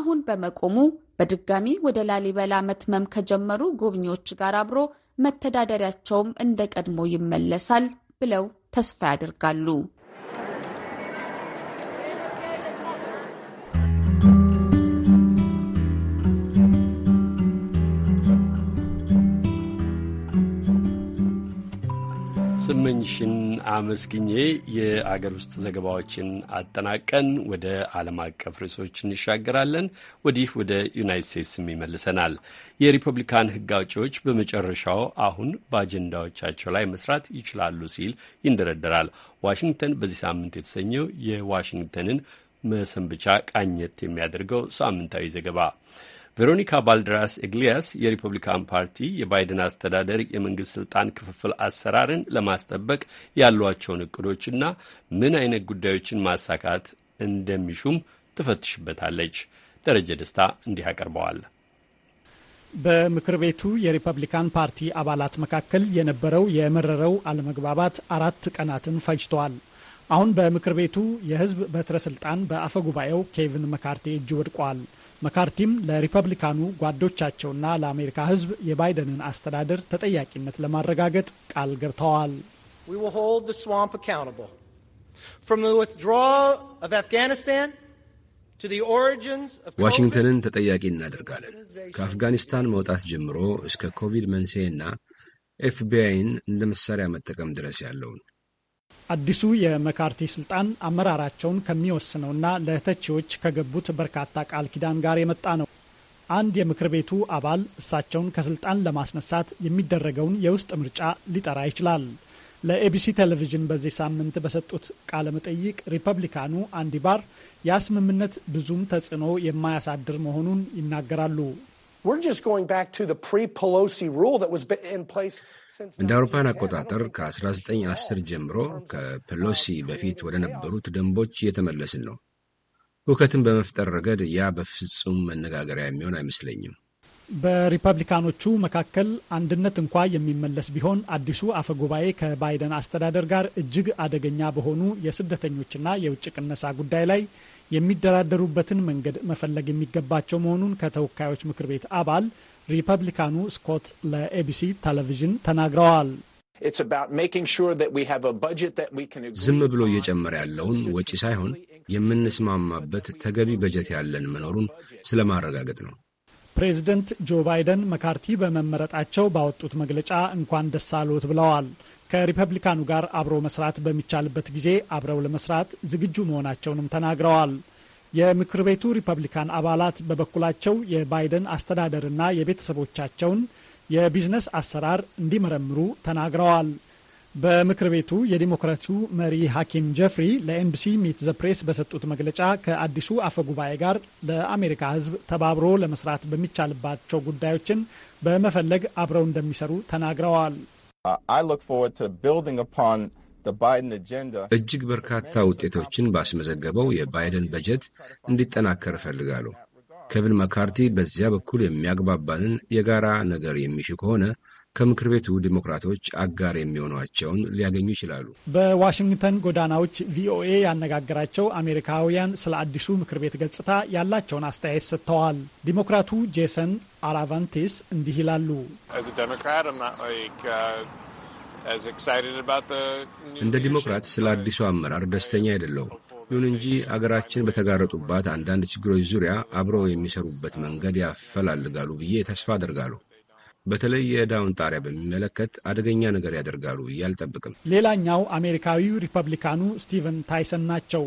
Speaker 12: አሁን በመቆሙ በድጋሚ ወደ ላሊበላ መትመም ከጀመሩ ጎብኚዎች ጋር አብሮ መተዳደሪያቸውም እንደ ቀድሞ ይመለሳል ብለው ተስፋ ያደርጋሉ።
Speaker 1: ስመኝሽን አመስግኜ የአገር ውስጥ ዘገባዎችን አጠናቀን ወደ ዓለም አቀፍ ርዕሶች እንሻገራለን። ወዲህ ወደ ዩናይት ስቴትስም ይመልሰናል። የሪፐብሊካን ሕግ አውጪዎች በመጨረሻው አሁን በአጀንዳዎቻቸው ላይ መስራት ይችላሉ ሲል ይንደረደራል። ዋሽንግተን በዚህ ሳምንት የተሰኘው የዋሽንግተንን መሰንብቻ ቃኘት የሚያደርገው ሳምንታዊ ዘገባ ቬሮኒካ ባልድራስ ኤግሊያስ የሪፐብሊካን ፓርቲ የባይደን አስተዳደር የመንግስት ስልጣን ክፍፍል አሰራርን ለማስጠበቅ ያሏቸውን እቅዶችና ምን አይነት ጉዳዮችን ማሳካት እንደሚሹም ትፈትሽበታለች። ደረጀ ደስታ እንዲህ ያቀርበዋል።
Speaker 13: በምክር ቤቱ የሪፐብሊካን ፓርቲ አባላት መካከል የነበረው የመረረው አለመግባባት አራት ቀናትን ፈጅተዋል። አሁን በምክር ቤቱ የህዝብ በትረ ስልጣን በአፈ ጉባኤው ኬቪን መካርቴ እጅ ወድቋል። መካርቲም ለሪፐብሊካኑ ጓዶቻቸውና ለአሜሪካ ሕዝብ የባይደንን አስተዳደር ተጠያቂነት ለማረጋገጥ ቃል ገብተዋል።
Speaker 5: ዋሽንግተንን ተጠያቂ እናደርጋለን። ከአፍጋኒስታን መውጣት ጀምሮ እስከ ኮቪድ መንስኤና ኤፍቢአይን እንደ መሳሪያ መጠቀም ድረስ ያለውን
Speaker 13: አዲሱ የመካርቲ ስልጣን አመራራቸውን ከሚወስነውና ለተቺዎች ከገቡት በርካታ ቃል ኪዳን ጋር የመጣ ነው። አንድ የምክር ቤቱ አባል እሳቸውን ከስልጣን ለማስነሳት የሚደረገውን የውስጥ ምርጫ ሊጠራ ይችላል። ለኤቢሲ ቴሌቪዥን በዚህ ሳምንት በሰጡት ቃለ መጠይቅ ሪፐብሊካኑ አንዲ ባር ያ ስምምነት ብዙም ተጽዕኖ የማያሳድር መሆኑን ይናገራሉ።
Speaker 5: እንደ አውሮፓን አቆጣጠር ከ1910 ጀምሮ ከፔሎሲ በፊት ወደ ነበሩት ደንቦች እየተመለስን ነው። ሁከትን በመፍጠር ረገድ ያ በፍጹም መነጋገሪያ የሚሆን አይመስለኝም።
Speaker 13: በሪፐብሊካኖቹ መካከል አንድነት እንኳ የሚመለስ ቢሆን አዲሱ አፈጉባኤ ከባይደን አስተዳደር ጋር እጅግ አደገኛ በሆኑ የስደተኞችና የውጭ ቅነሳ ጉዳይ ላይ የሚደራደሩበትን መንገድ መፈለግ የሚገባቸው መሆኑን ከተወካዮች ምክር ቤት አባል ሪፐብሊካኑ ስኮት ለኤቢሲ ቴሌቪዥን ተናግረዋል።
Speaker 5: ዝም ብሎ እየጨመረ ያለውን ወጪ ሳይሆን የምንስማማበት ተገቢ በጀት ያለን መኖሩን ስለማረጋገጥ ነው።
Speaker 13: ፕሬዚደንት ጆ ባይደን መካርቲ በመመረጣቸው ባወጡት መግለጫ እንኳን ደስ አሎት ብለዋል። ከሪፐብሊካኑ ጋር አብሮ መስራት በሚቻልበት ጊዜ አብረው ለመስራት ዝግጁ መሆናቸውንም ተናግረዋል። የምክር ቤቱ ሪፐብሊካን አባላት በበኩላቸው የባይደን አስተዳደርና የቤተሰቦቻቸውን የቢዝነስ አሰራር እንዲመረምሩ ተናግረዋል። በምክር ቤቱ የዲሞክራቲው መሪ ሐኪም ጀፍሪ ለኤንቢሲ ሚት ዘ ፕሬስ በሰጡት መግለጫ ከአዲሱ አፈ ጉባኤ ጋር ለአሜሪካ ሕዝብ ተባብሮ ለመስራት በሚቻልባቸው ጉዳዮችን በመፈለግ አብረው እንደሚሰሩ ተናግረዋል።
Speaker 6: uh,
Speaker 5: እጅግ በርካታ ውጤቶችን ባስመዘገበው የባይደን በጀት እንዲጠናከር እፈልጋሉ። ኬቪን መካርቲ በዚያ በኩል የሚያግባባንን የጋራ ነገር የሚሹ ከሆነ ከምክር ቤቱ ዲሞክራቶች አጋር የሚሆኗቸውን ሊያገኙ ይችላሉ።
Speaker 13: በዋሽንግተን ጎዳናዎች ቪኦኤ ያነጋገራቸው አሜሪካውያን ስለ አዲሱ ምክር ቤት ገጽታ ያላቸውን አስተያየት ሰጥተዋል። ዲሞክራቱ ጄሰን አራቫንቴስ እንዲህ ይላሉ።
Speaker 5: እንደ ዲሞክራት ስለ አዲሱ አመራር ደስተኛ አይደለሁም። ይሁን እንጂ አገራችን በተጋረጡባት አንዳንድ ችግሮች ዙሪያ አብረው የሚሰሩበት መንገድ ያፈላልጋሉ ብዬ ተስፋ አደርጋለሁ። በተለይ የዳውን ጣሪያ በሚመለከት አደገኛ ነገር ያደርጋሉ ብዬ አልጠብቅም።
Speaker 13: ሌላኛው አሜሪካዊው ሪፐብሊካኑ ስቲቨን ታይሰን ናቸው።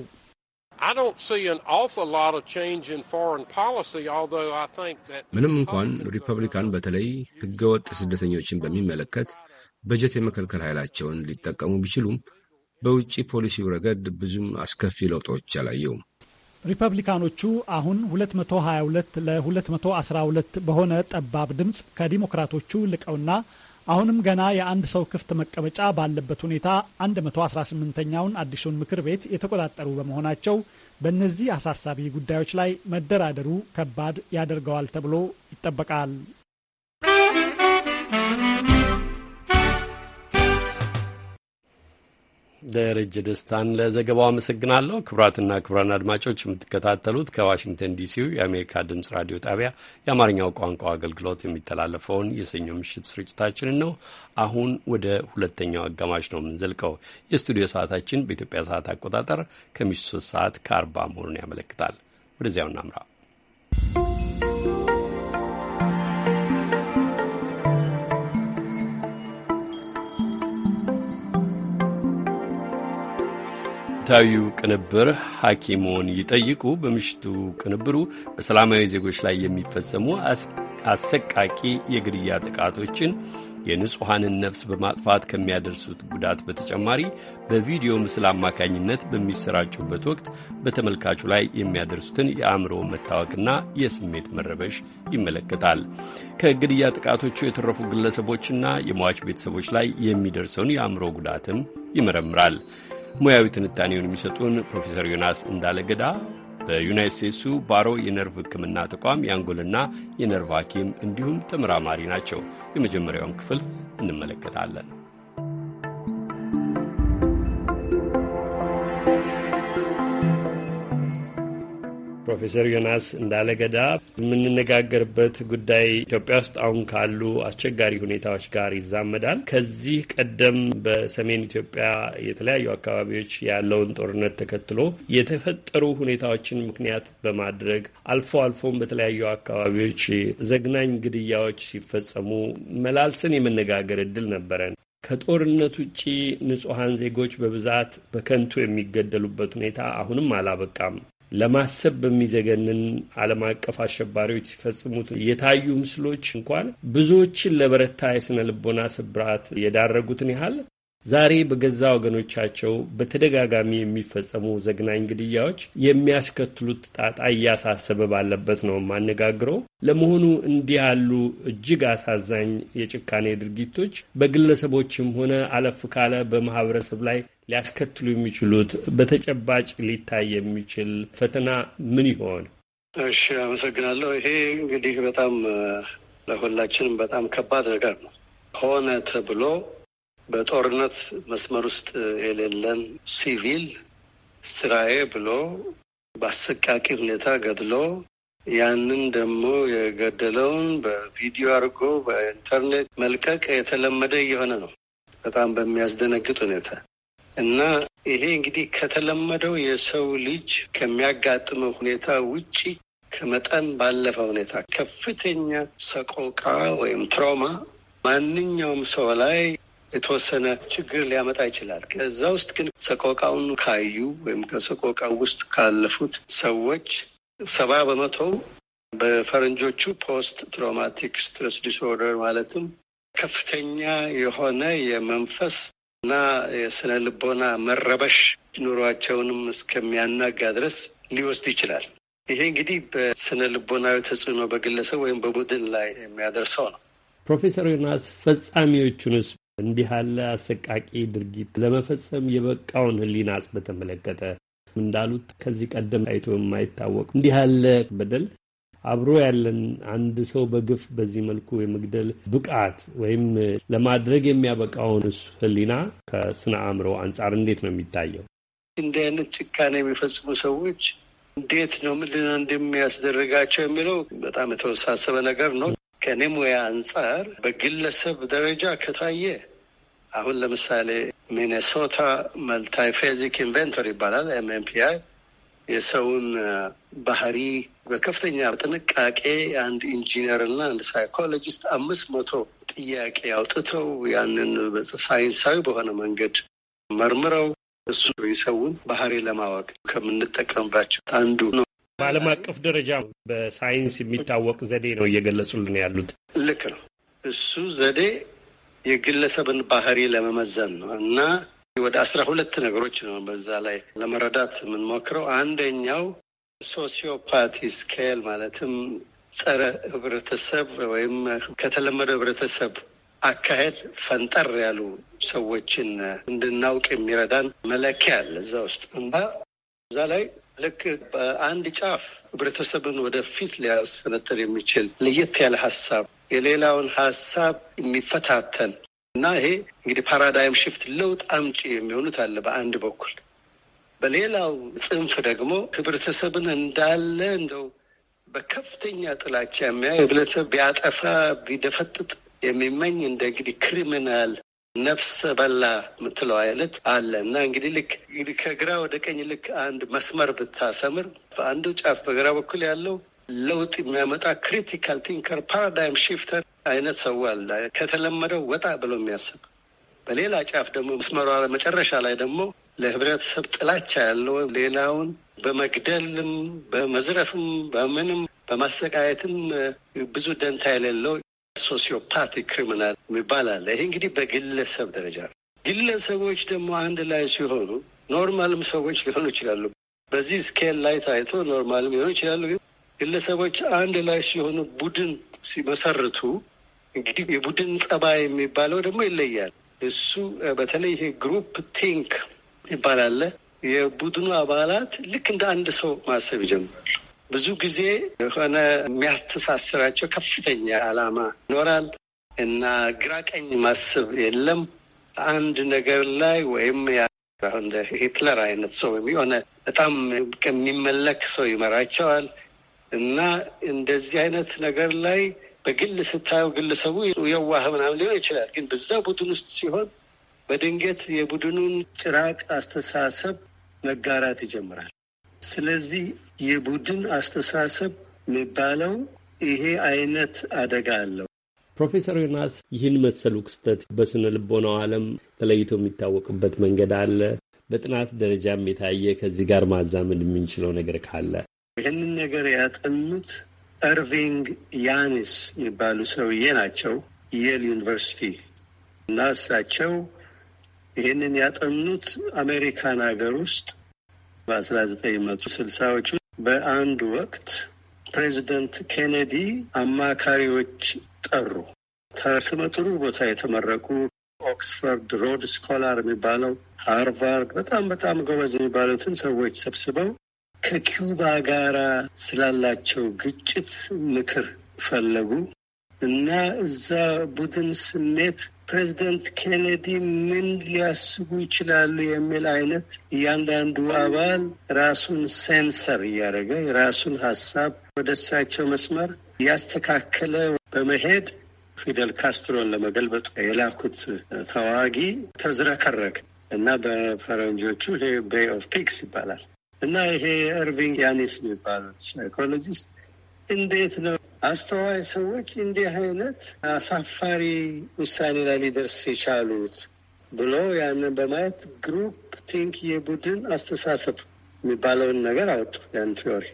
Speaker 5: ምንም እንኳን ሪፐብሊካን በተለይ ህገወጥ ስደተኞችን በሚመለከት በጀት የመከልከል ኃይላቸውን ሊጠቀሙ ቢችሉም በውጭ ፖሊሲው ረገድ ብዙም አስከፊ ለውጦች አላየውም።
Speaker 13: ሪፐብሊካኖቹ አሁን 222 ለ212 በሆነ ጠባብ ድምፅ ከዲሞክራቶቹ ልቀውና አሁንም ገና የአንድ ሰው ክፍት መቀመጫ ባለበት ሁኔታ 118ኛውን አዲሱን ምክር ቤት የተቆጣጠሩ በመሆናቸው በእነዚህ አሳሳቢ ጉዳዮች ላይ መደራደሩ ከባድ ያደርገዋል ተብሎ ይጠበቃል።
Speaker 1: ደረጀ ደስታን ለዘገባው አመሰግናለሁ። ክቡራትና ክቡራን አድማጮች የምትከታተሉት ከዋሽንግተን ዲሲው የአሜሪካ ድምጽ ራዲዮ ጣቢያ የአማርኛው ቋንቋ አገልግሎት የሚተላለፈውን የሰኞ ምሽት ስርጭታችንን ነው። አሁን ወደ ሁለተኛው አጋማሽ ነው የምንዘልቀው። የስቱዲዮ ሰዓታችን በኢትዮጵያ ሰዓት አቆጣጠር ከምሽቱ ሶስት ሰዓት ከአርባ መሆኑን ያመለክታል። ወደዚያው እናምራ። ወቅታዊው ቅንብር ሐኪሞን ይጠይቁ በምሽቱ ቅንብሩ በሰላማዊ ዜጎች ላይ የሚፈጸሙ አሰቃቂ የግድያ ጥቃቶችን የንጹሐንን ነፍስ በማጥፋት ከሚያደርሱት ጉዳት በተጨማሪ በቪዲዮ ምስል አማካኝነት በሚሰራጩበት ወቅት በተመልካቹ ላይ የሚያደርሱትን የአእምሮ መታወክና የስሜት መረበሽ ይመለከታል። ከግድያ ጥቃቶቹ የተረፉ ግለሰቦችና የሟች ቤተሰቦች ላይ የሚደርሰውን የአእምሮ ጉዳትም ይመረምራል። ሙያዊ ትንታኔውን የሚሰጡን ፕሮፌሰር ዮናስ እንዳለገዳ በዩናይት ስቴትሱ ባሮ የነርቭ ሕክምና ተቋም የአንጎልና የነርቭ ሐኪም እንዲሁም ተመራማሪ ናቸው። የመጀመሪያውን ክፍል እንመለከታለን። ፕሮፌሰር ዮናስ እንዳለገዳ የምንነጋገርበት ጉዳይ ኢትዮጵያ ውስጥ አሁን ካሉ አስቸጋሪ ሁኔታዎች ጋር ይዛመዳል። ከዚህ ቀደም በሰሜን ኢትዮጵያ የተለያዩ አካባቢዎች ያለውን ጦርነት ተከትሎ የተፈጠሩ ሁኔታዎችን ምክንያት በማድረግ አልፎ አልፎም በተለያዩ አካባቢዎች ዘግናኝ ግድያዎች ሲፈጸሙ መላልስን የመነጋገር እድል ነበረን። ከጦርነት ውጪ ንጹሐን ዜጎች በብዛት በከንቱ የሚገደሉበት ሁኔታ አሁንም አላበቃም። ለማሰብ በሚዘገንን ዓለም አቀፍ አሸባሪዎች ሲፈጽሙት የታዩ ምስሎች እንኳን ብዙዎችን ለበረታ የሥነ ልቦና ስብራት የዳረጉትን ያህል ዛሬ በገዛ ወገኖቻቸው በተደጋጋሚ የሚፈጸሙ ዘግናኝ ግድያዎች የሚያስከትሉት ጣጣ እያሳሰበ ባለበት ነው የማነጋግረው። ለመሆኑ እንዲህ ያሉ እጅግ አሳዛኝ የጭካኔ ድርጊቶች በግለሰቦችም ሆነ አለፍ ካለ በማህበረሰብ ላይ ሊያስከትሉ የሚችሉት በተጨባጭ ሊታይ የሚችል ፈተና ምን ይሆን?
Speaker 7: እሺ፣ አመሰግናለሁ። ይሄ እንግዲህ በጣም ለሁላችንም በጣም ከባድ ነገር ነው። ሆነ ተብሎ በጦርነት መስመር ውስጥ የሌለን ሲቪል ስራዬ ብሎ በአሰቃቂ ሁኔታ ገድሎ ያንን ደግሞ የገደለውን በቪዲዮ አድርጎ በኢንተርኔት መልቀቅ የተለመደ እየሆነ ነው፣ በጣም በሚያስደነግጥ ሁኔታ። እና ይሄ እንግዲህ ከተለመደው የሰው ልጅ ከሚያጋጥመው ሁኔታ ውጪ ከመጠን ባለፈ ሁኔታ ከፍተኛ ሰቆቃ ወይም ትራውማ ማንኛውም ሰው ላይ የተወሰነ ችግር ሊያመጣ ይችላል። ከዛ ውስጥ ግን ሰቆቃውን ካዩ ወይም ከሰቆቃው ውስጥ ካለፉት ሰዎች ሰባ በመቶ በፈረንጆቹ ፖስት ትራውማቲክ ስትረስ ዲስኦርደር ማለትም ከፍተኛ የሆነ የመንፈስ እና የስነ ልቦና መረበሽ ኑሯቸውንም እስከሚያናጋ ድረስ ሊወስድ ይችላል። ይሄ እንግዲህ በስነ ልቦናዊ
Speaker 1: ተጽዕኖ በግለሰብ ወይም በቡድን ላይ የሚያደርሰው ነው። ፕሮፌሰር ዮናስ ፈጻሚዎቹንስ እንዲህ ያለ አሰቃቂ ድርጊት ለመፈጸም የበቃውን ሕሊናስ በተመለከተ እንዳሉት ከዚህ ቀደም ታይቶ የማይታወቅ እንዲህ ያለ በደል አብሮ ያለን አንድ ሰው በግፍ በዚህ መልኩ የመግደል ብቃት ወይም ለማድረግ የሚያበቃውንስ ህሊና ከስነ አእምሮ አንጻር እንዴት ነው የሚታየው?
Speaker 7: እንዲህ አይነት ጭካኔ የሚፈጽሙ ሰዎች እንዴት ነው ምንድን እንደሚያስደርጋቸው የሚለው በጣም የተወሳሰበ ነገር ነው። ከእኔ ሙያ አንጻር በግለሰብ ደረጃ ከታየ አሁን ለምሳሌ ሚኔሶታ መልታይፌዚክ ኢንቨንቶር ይባላል ኤምኤምፒአይ የሰውን ባህሪ በከፍተኛ ጥንቃቄ አንድ ኢንጂነር እና አንድ ሳይኮሎጂስት አምስት መቶ ጥያቄ አውጥተው ያንን ሳይንሳዊ በሆነ መንገድ መርምረው እሱ የሰውን ባህሪ ለማወቅ ከምንጠቀምባቸው አንዱ ነው። በዓለም
Speaker 1: አቀፍ ደረጃ በሳይንስ የሚታወቅ ዘዴ ነው እየገለጹልን
Speaker 13: ያሉት።
Speaker 7: ልክ ነው። እሱ ዘዴ የግለሰብን ባህሪ ለመመዘን ነው እና ወደ አስራ ሁለት ነገሮች ነው በዛ ላይ ለመረዳት የምንሞክረው። አንደኛው ሶሲዮፓቲ ስኬል ማለትም ጸረ ህብረተሰብ ወይም ከተለመደው ህብረተሰብ አካሄድ ፈንጠር ያሉ ሰዎችን እንድናውቅ የሚረዳን መለኪያ አለ እዛ ውስጥ እና እዛ ላይ ልክ በአንድ ጫፍ ህብረተሰብን ወደፊት ሊያስፈነጥር የሚችል ለየት ያለ ሀሳብ የሌላውን ሀሳብ የሚፈታተን እና ይሄ እንግዲህ ፓራዳይም ሽፍት ለውጥ አምጪ የሚሆኑት አለ በአንድ በኩል፣ በሌላው ጽንፍ ደግሞ ህብረተሰብን እንዳለ እንደው በከፍተኛ ጥላቻ የሚያይ ህብረተሰብ ቢያጠፋ ቢደፈጥጥ የሚመኝ እንደ እንግዲህ ክሪሚናል ነፍሰ በላ ምትለው አይነት አለ እና እንግዲህ ልክ ከግራ ወደ ቀኝ ልክ አንድ መስመር ብታሰምር በአንዱ ጫፍ በግራ በኩል ያለው ለውጥ የሚያመጣ ክሪቲካል ቲንከር ፓራዳይም ሺፍተር አይነት ሰው አለ። ከተለመደው ወጣ ብሎ የሚያስብ በሌላ ጫፍ ደግሞ መስመሯ መጨረሻ ላይ ደግሞ ለህብረተሰብ ጥላቻ ያለው ሌላውን በመግደልም በመዝረፍም በምንም በማሰቃየትም ብዙ ደንታ የሌለው ሶሲዮፓቲ ክሪሚናል የሚባል አለ። ይሄ እንግዲህ በግለሰብ ደረጃ ነው። ግለሰቦች ደግሞ አንድ ላይ ሲሆኑ ኖርማልም ሰዎች ሊሆኑ ይችላሉ። በዚህ ስኬል ላይ ታይቶ ኖርማልም ሊሆኑ ይችላሉ። ግለሰቦች አንድ ላይ ሲሆኑ ቡድን ሲመሰርቱ እንግዲህ የቡድን ጸባይ የሚባለው ደግሞ ይለያል። እሱ በተለይ ይሄ ግሩፕ ቲንክ ይባላል። የቡድኑ አባላት ልክ እንደ አንድ ሰው ማሰብ ይጀምራሉ። ብዙ ጊዜ የሆነ የሚያስተሳስራቸው ከፍተኛ ዓላማ ይኖራል እና ግራ ቀኝ ማሰብ የለም። አንድ ነገር ላይ ወይም እንደ ሂትለር አይነት ሰው የሆነ በጣም የሚመለክ ሰው ይመራቸዋል እና እንደዚህ አይነት ነገር ላይ በግል ስታየው ግለሰቡ የዋህ ምናምን ሊሆን ይችላል። ግን በዛ ቡድን ውስጥ ሲሆን በድንገት የቡድኑን ጭራቅ አስተሳሰብ መጋራት ይጀምራል። ስለዚህ የቡድን አስተሳሰብ የሚባለው ይሄ አይነት አደጋ አለው።
Speaker 1: ፕሮፌሰር ዮናስ ይህን መሰሉ ክስተት በስነ ልቦናው ዓለም ተለይቶ የሚታወቅበት መንገድ አለ። በጥናት ደረጃም የታየ ከዚህ ጋር ማዛመድ የምንችለው ነገር ካለ
Speaker 7: ይህንን ነገር ያጠኑት እርቪንግ ያኒስ የሚባሉ ሰውዬ ናቸው የል ዩኒቨርሲቲ እና እሳቸው ይህንን ያጠኑት አሜሪካን ሀገር ውስጥ በአስራ ዘጠኝ መቶ ስልሳዎቹ በአንድ ወቅት ፕሬዚደንት ኬኔዲ አማካሪዎች ጠሩ። ከስመጥሩ ቦታ የተመረቁ ኦክስፎርድ ሮድ ስኮላር የሚባለው ሃርቫርድ በጣም በጣም ጎበዝ የሚባሉትን ሰዎች ሰብስበው ከኪውባ ጋራ ስላላቸው ግጭት ምክር ፈለጉ እና እዛ ቡድን ስሜት ፕሬዚደንት ኬኔዲ ምን ሊያስቡ ይችላሉ የሚል አይነት እያንዳንዱ አባል ራሱን ሴንሰር እያደረገ የራሱን ሀሳብ ወደ እሳቸው መስመር ያስተካከለ በመሄድ ፊደል ካስትሮን ለመገልበጥ የላኩት ተዋጊ ተዝረከረክ እና በፈረንጆቹ ይሄ ቤይ ኦፍ ፒክስ ይባላል። እና ይሄ እርቪንግ ያኒስ የሚባሉት ሳይኮሎጂስት እንዴት ነው አስተዋይ ሰዎች እንዲህ አይነት አሳፋሪ ውሳኔ ላይ ሊደርስ የቻሉት ብሎ ያንን በማየት ግሩፕ ቲንክ የቡድን አስተሳሰብ የሚባለውን ነገር አወጡ ያን ቲዮሪ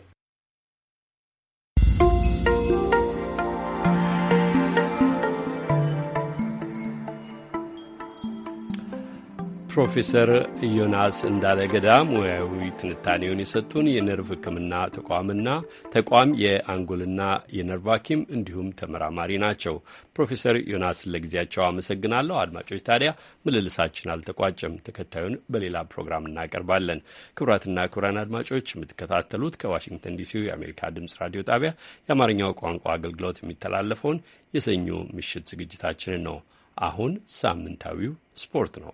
Speaker 1: ፕሮፌሰር ዮናስ እንዳለገዳ ሙያዊ ትንታኔውን የሰጡን የነርቭ ሕክምና ተቋምና ተቋም የአንጎልና የነርቭ ሐኪም እንዲሁም ተመራማሪ ናቸው። ፕሮፌሰር ዮናስን ለጊዜያቸው አመሰግናለሁ። አድማጮች ታዲያ ምልልሳችን አልተቋጨም። ተከታዩን በሌላ ፕሮግራም እናቀርባለን። ክቡራትና ክቡራን አድማጮች የምትከታተሉት ከዋሽንግተን ዲሲ የአሜሪካ ድምጽ ራዲዮ ጣቢያ የአማርኛው ቋንቋ አገልግሎት የሚተላለፈውን የሰኞ ምሽት ዝግጅታችንን ነው። አሁን ሳምንታዊው ስፖርት ነው።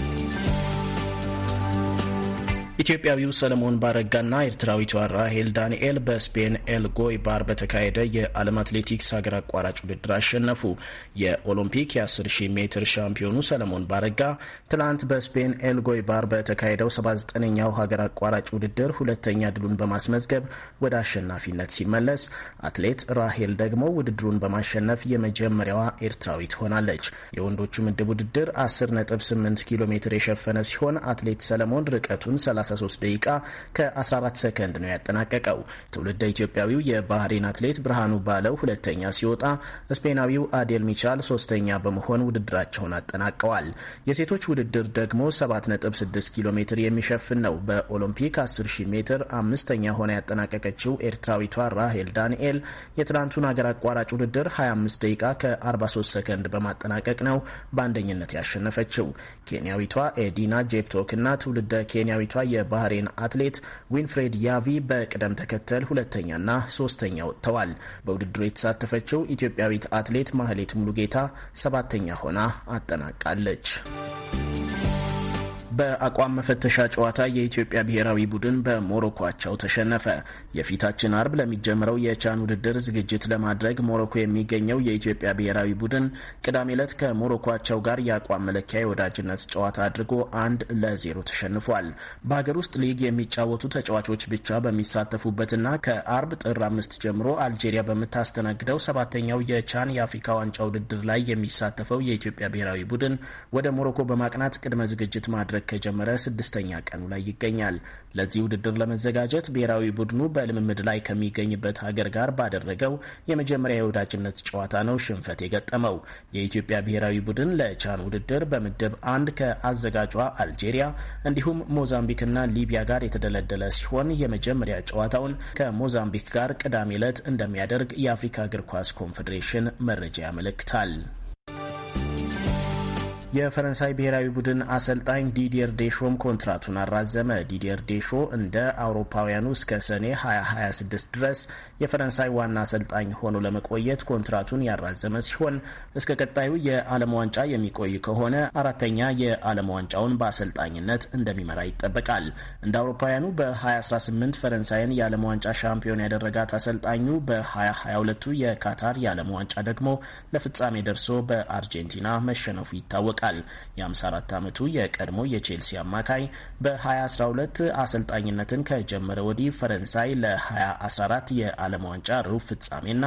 Speaker 14: ኢትዮጵያዊው ሰለሞን ባረጋና ኤርትራዊቷ ራሄል ዳንኤል በስፔን ኤልጎይ ባር በተካሄደ የዓለም አትሌቲክስ ሀገር አቋራጭ ውድድር አሸነፉ። የኦሎምፒክ የ10,000 ሜትር ሻምፒዮኑ ሰለሞን ባረጋ ትላንት በስፔን ኤልጎይ ባር በተካሄደው 79ኛው ሀገር አቋራጭ ውድድር ሁለተኛ ድሉን በማስመዝገብ ወደ አሸናፊነት ሲመለስ፣ አትሌት ራሄል ደግሞ ውድድሩን በማሸነፍ የመጀመሪያዋ ኤርትራዊት ሆናለች። የወንዶቹ ምድብ ውድድር 10.8 ኪሎ ሜትር የሸፈነ ሲሆን አትሌት ሰለሞን ርቀቱን 33 ደቂቃ ከ14 ሰከንድ ነው ያጠናቀቀው። ትውልደ ኢትዮጵያዊው የባህሬን አትሌት ብርሃኑ ባለው ሁለተኛ ሲወጣ፣ ስፔናዊው አዴል ሚቻል ሶስተኛ በመሆን ውድድራቸውን አጠናቀዋል። የሴቶች ውድድር ደግሞ 7.6 ኪሎ ሜትር የሚሸፍን ነው። በኦሎምፒክ 10000 ሜትር አምስተኛ ሆና ያጠናቀቀችው ኤርትራዊቷ ራሄል ዳንኤል የትናንቱን አገር አቋራጭ ውድድር 25 ደቂቃ ከ43 ሰከንድ በማጠናቀቅ ነው በአንደኝነት ያሸነፈችው። ኬንያዊቷ ኤዲና ጄፕቶክ እና ትውልደ ኬንያዊቷ የ የባህሬን አትሌት ዊንፍሬድ ያቪ በቅደም ተከተል ሁለተኛና ሶስተኛ ወጥተዋል። በውድድሩ የተሳተፈችው ኢትዮጵያዊት አትሌት ማህሌት ሙሉጌታ ሰባተኛ ሆና አጠናቃለች። በአቋም መፈተሻ ጨዋታ የኢትዮጵያ ብሔራዊ ቡድን በሞሮኳቸው ተሸነፈ። የፊታችን አርብ ለሚጀምረው የቻን ውድድር ዝግጅት ለማድረግ ሞሮኮ የሚገኘው የኢትዮጵያ ብሔራዊ ቡድን ቅዳሜ ዕለት ከሞሮኳቸው ጋር የአቋም መለኪያ የወዳጅነት ጨዋታ አድርጎ አንድ ለዜሮ ተሸንፏል። በሀገር ውስጥ ሊግ የሚጫወቱ ተጫዋቾች ብቻ በሚሳተፉበትና ከአርብ ጥር አምስት ጀምሮ አልጄሪያ በምታስተናግደው ሰባተኛው የቻን የአፍሪካ ዋንጫ ውድድር ላይ የሚሳተፈው የኢትዮጵያ ብሔራዊ ቡድን ወደ ሞሮኮ በማቅናት ቅድመ ዝግጅት ማድረግ ማድረግ ከጀመረ ስድስተኛ ቀኑ ላይ ይገኛል። ለዚህ ውድድር ለመዘጋጀት ብሔራዊ ቡድኑ በልምምድ ላይ ከሚገኝበት ሀገር ጋር ባደረገው የመጀመሪያ የወዳጅነት ጨዋታ ነው ሽንፈት የገጠመው። የኢትዮጵያ ብሔራዊ ቡድን ለቻን ውድድር በምድብ አንድ ከአዘጋጇ አልጄሪያ እንዲሁም ሞዛምቢክና ሊቢያ ጋር የተደለደለ ሲሆን የመጀመሪያ ጨዋታውን ከሞዛምቢክ ጋር ቅዳሜ ዕለት እንደሚያደርግ የአፍሪካ እግር ኳስ ኮንፌዴሬሽን መረጃ ያመለክታል። የፈረንሳይ ብሔራዊ ቡድን አሰልጣኝ ዲዲየር ዴሾም ኮንትራቱን አራዘመ። ዲዲየር ዴሾ እንደ አውሮፓውያኑ እስከ ሰኔ 2026 ድረስ የፈረንሳይ ዋና አሰልጣኝ ሆኖ ለመቆየት ኮንትራቱን ያራዘመ ሲሆን እስከ ቀጣዩ የዓለም ዋንጫ የሚቆይ ከሆነ አራተኛ የዓለም ዋንጫውን በአሰልጣኝነት እንደሚመራ ይጠበቃል። እንደ አውሮፓውያኑ በ2018 ፈረንሳይን የዓለም ዋንጫ ሻምፒዮን ያደረጋት አሰልጣኙ በ2022 የካታር የዓለም ዋንጫ ደግሞ ለፍጻሜ ደርሶ በአርጀንቲና መሸነፉ ይታወቃል። ይታወቃል። የ54 ዓመቱ የቀድሞ የቼልሲ አማካይ በ2012 አሰልጣኝነትን ከጀመረ ወዲህ ፈረንሳይ ለ2014 የዓለም ዋንጫ ሩብ ፍጻሜና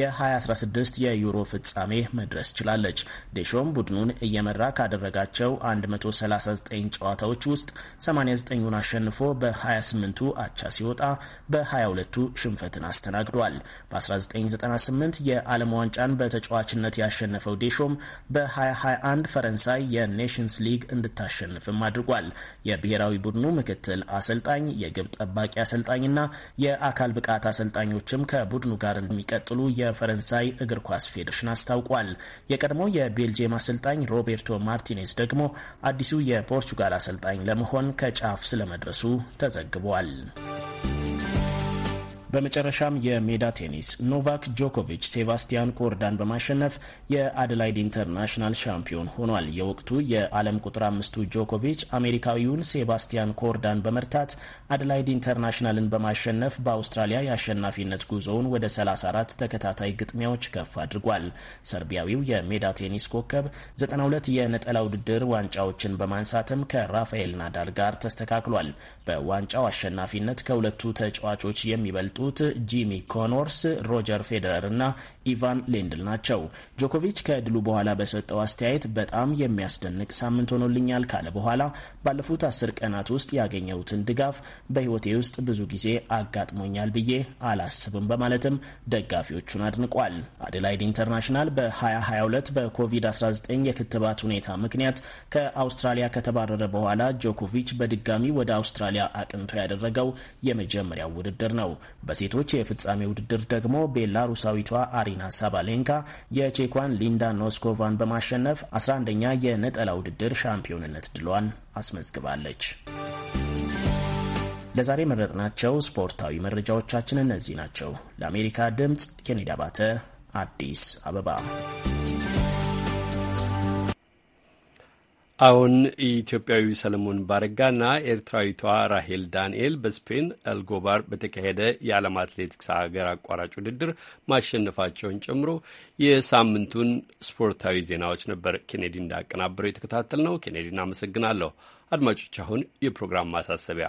Speaker 14: የ2016 የዩሮ ፍጻሜ መድረስ ችላለች። ዴሾም ቡድኑን እየመራ ካደረጋቸው 139 ጨዋታዎች ውስጥ 89ን አሸንፎ በ28ቱ አቻ ሲወጣ በ22ቱ ሽንፈትን አስተናግዷል። በ1998 የዓለም ዋንጫን በተጫዋችነት ያሸነፈው ዴሾም በ2021 ፈረንሳይ ፈረንሳይ የኔሽንስ ሊግ እንድታሸንፍም አድርጓል። የብሔራዊ ቡድኑ ምክትል አሰልጣኝ፣ የግብ ጠባቂ አሰልጣኝና የአካል ብቃት አሰልጣኞችም ከቡድኑ ጋር እንደሚቀጥሉ የፈረንሳይ እግር ኳስ ፌዴሬሽን አስታውቋል። የቀድሞው የቤልጅየም አሰልጣኝ ሮቤርቶ ማርቲኔዝ ደግሞ አዲሱ የፖርቹጋል አሰልጣኝ ለመሆን ከጫፍ ስለመድረሱ ተዘግቧል። በመጨረሻም የሜዳ ቴኒስ ኖቫክ ጆኮቪች ሴባስቲያን ኮርዳን በማሸነፍ የአደላይድ ኢንተርናሽናል ሻምፒዮን ሆኗል። የወቅቱ የዓለም ቁጥር አምስቱ ጆኮቪች አሜሪካዊውን ሴባስቲያን ኮርዳን በመርታት አደላይድ ኢንተርናሽናልን በማሸነፍ በአውስትራሊያ የአሸናፊነት ጉዞውን ወደ 34 ተከታታይ ግጥሚያዎች ከፍ አድርጓል። ሰርቢያዊው የሜዳ ቴኒስ ኮከብ 92 የነጠላ ውድድር ዋንጫዎችን በማንሳትም ከራፋኤል ናዳል ጋር ተስተካክሏል። በዋንጫው አሸናፊነት ከሁለቱ ተጫዋቾች የሚበልጡ የወጡት ጂሚ ኮኖርስ፣ ሮጀር ፌዴረር እና ኢቫን ሌንድል ናቸው። ጆኮቪች ከድሉ በኋላ በሰጠው አስተያየት በጣም የሚያስደንቅ ሳምንት ሆኖልኛል ካለ በኋላ ባለፉት አስር ቀናት ውስጥ ያገኘሁትን ድጋፍ በሕይወቴ ውስጥ ብዙ ጊዜ አጋጥሞኛል ብዬ አላስብም በማለትም ደጋፊዎቹን አድንቋል። አደላይድ ኢንተርናሽናል በ2022 በኮቪድ-19 የክትባት ሁኔታ ምክንያት ከአውስትራሊያ ከተባረረ በኋላ ጆኮቪች በድጋሚ ወደ አውስትራሊያ አቅንቶ ያደረገው የመጀመሪያው ውድድር ነው። በሴቶች የፍጻሜ ውድድር ደግሞ ቤላሩሳዊቷ አሪና ሳባሌንካ የቼኳን ሊንዳ ኖስኮቫን በማሸነፍ 11ኛ የነጠላ ውድድር ሻምፒዮንነት ድሏን አስመዝግባለች። ለዛሬ መረጥናቸው ስፖርታዊ መረጃዎቻችን እነዚህ ናቸው። ለአሜሪካ ድምፅ ኬኔዲ አባተ አዲስ አበባ
Speaker 1: አሁን ኢትዮጵያዊ ሰለሞን ባረጋና ኤርትራዊቷ ራሄል ዳንኤል በስፔን አልጎባር በተካሄደ የዓለም አትሌቲክስ ሀገር አቋራጭ ውድድር ማሸነፋቸውን ጨምሮ የሳምንቱን ስፖርታዊ ዜናዎች ነበር ኬኔዲ እንዳቀናበረው የተከታተል ነው። ኬኔዲን አመሰግናለሁ። አድማጮች፣ አሁን የፕሮግራም ማሳሰቢያ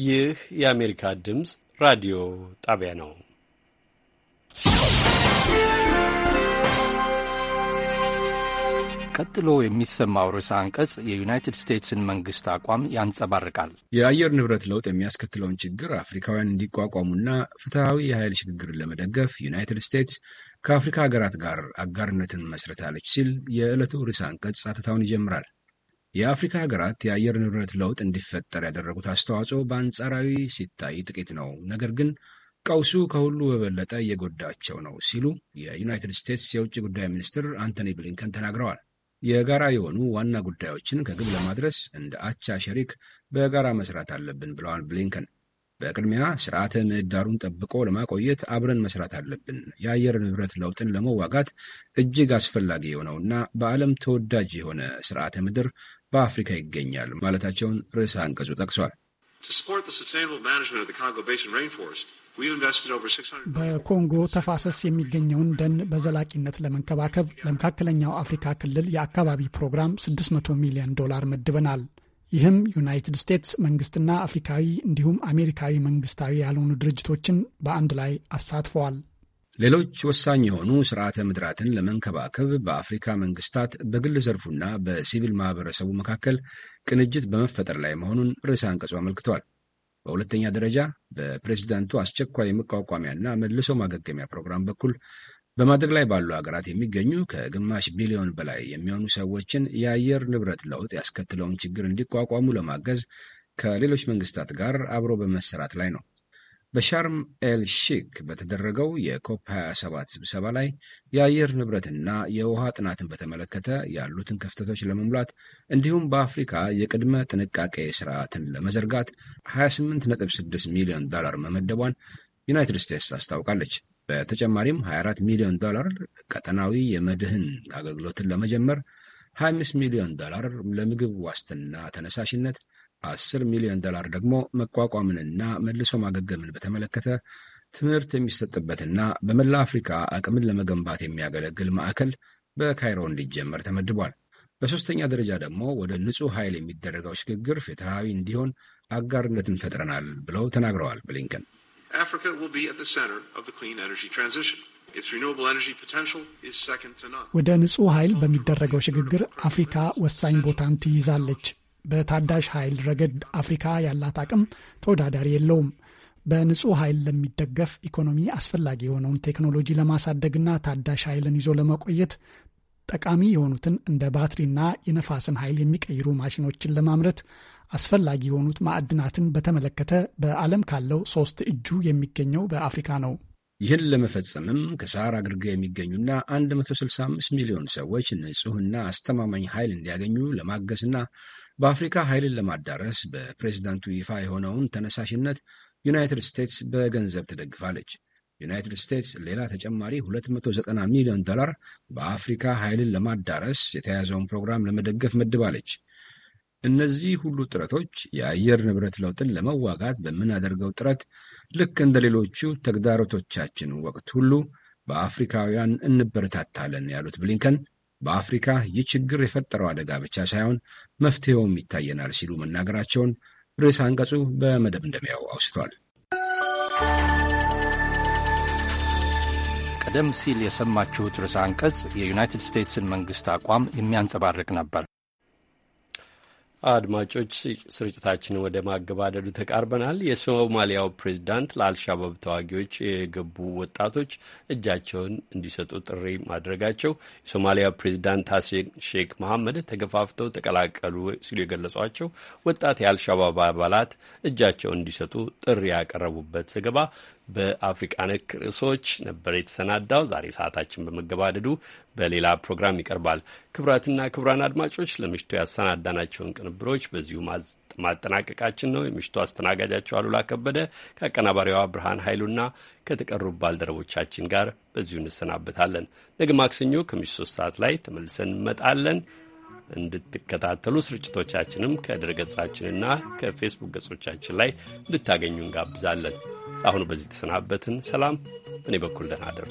Speaker 1: ይህ የአሜሪካ ድምፅ ራዲዮ ጣቢያ
Speaker 5: ነው። ቀጥሎ የሚሰማው ርዕሰ አንቀጽ የዩናይትድ ስቴትስን መንግስት አቋም ያንጸባርቃል። የአየር ንብረት ለውጥ የሚያስከትለውን ችግር አፍሪካውያን እንዲቋቋሙና ፍትሐዊ የኃይል ሽግግርን ለመደገፍ ዩናይትድ ስቴትስ ከአፍሪካ ሀገራት ጋር አጋርነትን መስረታለች ሲል የዕለቱ ርዕሰ አንቀጽ አተታውን ይጀምራል። የአፍሪካ ሀገራት የአየር ንብረት ለውጥ እንዲፈጠር ያደረጉት አስተዋጽኦ በአንጻራዊ ሲታይ ጥቂት ነው፣ ነገር ግን ቀውሱ ከሁሉ በበለጠ እየጎዳቸው ነው ሲሉ የዩናይትድ ስቴትስ የውጭ ጉዳይ ሚኒስትር አንቶኒ ብሊንከን ተናግረዋል። የጋራ የሆኑ ዋና ጉዳዮችን ከግብ ለማድረስ እንደ አቻ ሸሪክ በጋራ መስራት አለብን ብለዋል ብሊንከን። በቅድሚያ ስርዓተ ምህዳሩን ጠብቆ ለማቆየት አብረን መስራት አለብን። የአየር ንብረት ለውጥን ለመዋጋት እጅግ አስፈላጊ የሆነውና በዓለም ተወዳጅ የሆነ ስርዓተ ምድር በአፍሪካ ይገኛል ማለታቸውን ርዕሰ አንቀጹ ጠቅሷል።
Speaker 13: በኮንጎ ተፋሰስ የሚገኘውን ደን በዘላቂነት ለመንከባከብ ለመካከለኛው አፍሪካ ክልል የአካባቢ ፕሮግራም 600 ሚሊዮን ዶላር መድበናል። ይህም ዩናይትድ ስቴትስ መንግስትና አፍሪካዊ እንዲሁም አሜሪካዊ መንግስታዊ ያልሆኑ ድርጅቶችን በአንድ
Speaker 5: ላይ አሳትፈዋል። ሌሎች ወሳኝ የሆኑ ስርዓተ ምድራትን ለመንከባከብ በአፍሪካ መንግስታት በግል ዘርፉና በሲቪል ማህበረሰቡ መካከል ቅንጅት በመፈጠር ላይ መሆኑን ርዕሰ አንቀጹ አመልክቷል። በሁለተኛ ደረጃ በፕሬዚዳንቱ አስቸኳይ መቋቋሚያና መልሶ ማገገሚያ ፕሮግራም በኩል በማደግ ላይ ባሉ ሀገራት የሚገኙ ከግማሽ ቢሊዮን በላይ የሚሆኑ ሰዎችን የአየር ንብረት ለውጥ ያስከትለውን ችግር እንዲቋቋሙ ለማገዝ ከሌሎች መንግስታት ጋር አብሮ በመሰራት ላይ ነው። በሻርም ኤል ሺክ በተደረገው የኮፕ 27 ስብሰባ ላይ የአየር ንብረትና የውሃ ጥናትን በተመለከተ ያሉትን ክፍተቶች ለመሙላት እንዲሁም በአፍሪካ የቅድመ ጥንቃቄ ስርዓትን ለመዘርጋት 286 ሚሊዮን ዶላር መመደቧን ዩናይትድ ስቴትስ አስታውቃለች። በተጨማሪም 24 ሚሊዮን ዶላር ቀጠናዊ የመድህን አገልግሎትን ለመጀመር 25 ሚሊዮን ዶላር ለምግብ ዋስትና ተነሳሽነት 10 ሚሊዮን ዶላር ደግሞ መቋቋምንና መልሶ ማገገምን በተመለከተ ትምህርት የሚሰጥበትና በመላ አፍሪካ አቅምን ለመገንባት የሚያገለግል ማዕከል በካይሮ እንዲጀመር ተመድቧል። በሦስተኛ ደረጃ ደግሞ ወደ ንጹሕ ኃይል የሚደረገው ሽግግር ፍትሐዊ እንዲሆን አጋርነትን ፈጥረናል ብለው ተናግረዋል ብሊንከን። ወደ ንጹሕ
Speaker 13: ኃይል በሚደረገው ሽግግር አፍሪካ ወሳኝ ቦታን ትይዛለች። በታዳሽ ኃይል ረገድ አፍሪካ ያላት አቅም ተወዳዳሪ የለውም። በንጹህ ኃይል ለሚደገፍ ኢኮኖሚ አስፈላጊ የሆነውን ቴክኖሎጂ ለማሳደግና ታዳሽ ኃይልን ይዞ ለመቆየት ጠቃሚ የሆኑትን እንደ ባትሪና የነፋስን ኃይል የሚቀይሩ ማሽኖችን ለማምረት አስፈላጊ የሆኑት ማዕድናትን በተመለከተ በዓለም ካለው ሶስት እጁ የሚገኘው በአፍሪካ
Speaker 5: ነው። ይህን ለመፈጸምም ከሰሃራ ግርጌ የሚገኙና 165 ሚሊዮን ሰዎች ንጹህና አስተማማኝ ኃይል እንዲያገኙ ለማገዝና በአፍሪካ ኃይልን ለማዳረስ በፕሬዚዳንቱ ይፋ የሆነውን ተነሳሽነት ዩናይትድ ስቴትስ በገንዘብ ትደግፋለች። ዩናይትድ ስቴትስ ሌላ ተጨማሪ 290 ሚሊዮን ዶላር በአፍሪካ ኃይልን ለማዳረስ የተያዘውን ፕሮግራም ለመደገፍ መድባለች። እነዚህ ሁሉ ጥረቶች የአየር ንብረት ለውጥን ለመዋጋት በምናደርገው ጥረት ልክ እንደ ሌሎቹ ተግዳሮቶቻችን ወቅት ሁሉ በአፍሪካውያን እንበረታታለን ያሉት ብሊንከን በአፍሪካ ይህ ችግር የፈጠረው አደጋ ብቻ ሳይሆን መፍትሄውም ይታየናል ሲሉ መናገራቸውን ርዕስ አንቀጹ እንደሚያው አውስቷል። ቀደም ሲል የሰማችሁት ርዕስ አንቀጽ የዩናይትድ ስቴትስን
Speaker 1: መንግሥት አቋም የሚያንጸባርቅ ነበር። አድማጮች ስርጭታችንን ወደ ማገባደዱ ተቃርበናል። የሶማሊያው ፕሬዚዳንት ለአልሻባብ ተዋጊዎች የገቡ ወጣቶች እጃቸውን እንዲሰጡ ጥሪ ማድረጋቸው የሶማሊያው ፕሬዚዳንት ሀሰን ሼክ መሐመድ ተገፋፍተው ተቀላቀሉ ሲሉ የገለጿቸው ወጣት የአልሻባብ አባላት እጃቸውን እንዲሰጡ ጥሪ ያቀረቡበት ዘገባ በአፍሪቃ ነክ ርዕሶች ነበር የተሰናዳው። ዛሬ ሰዓታችን በመገባደዱ በሌላ ፕሮግራም ይቀርባል። ክቡራትና ክቡራን አድማጮች ለምሽቱ ያሰናዳናቸውን ቅንብሮች በዚሁ ማጠናቀቃችን ነው። የምሽቱ አስተናጋጃቸው አሉላ ከበደ ከአቀናባሪዋ ብርሃን ኃይሉና ከተቀሩ ባልደረቦቻችን ጋር በዚሁ እንሰናበታለን። ነገ ማክሰኞ ከምሽቱ ሶስት ሰዓት ላይ ተመልሰን እንመጣለን። እንድትከታተሉ ስርጭቶቻችንም ከድረገጻችንና ከፌስቡክ ገጾቻችን ላይ እንድታገኙ እንጋብዛለን። አሁኑ በዚህ ተሰናበትን። ሰላም፣ እኔ በኩል ደህና አደሩ።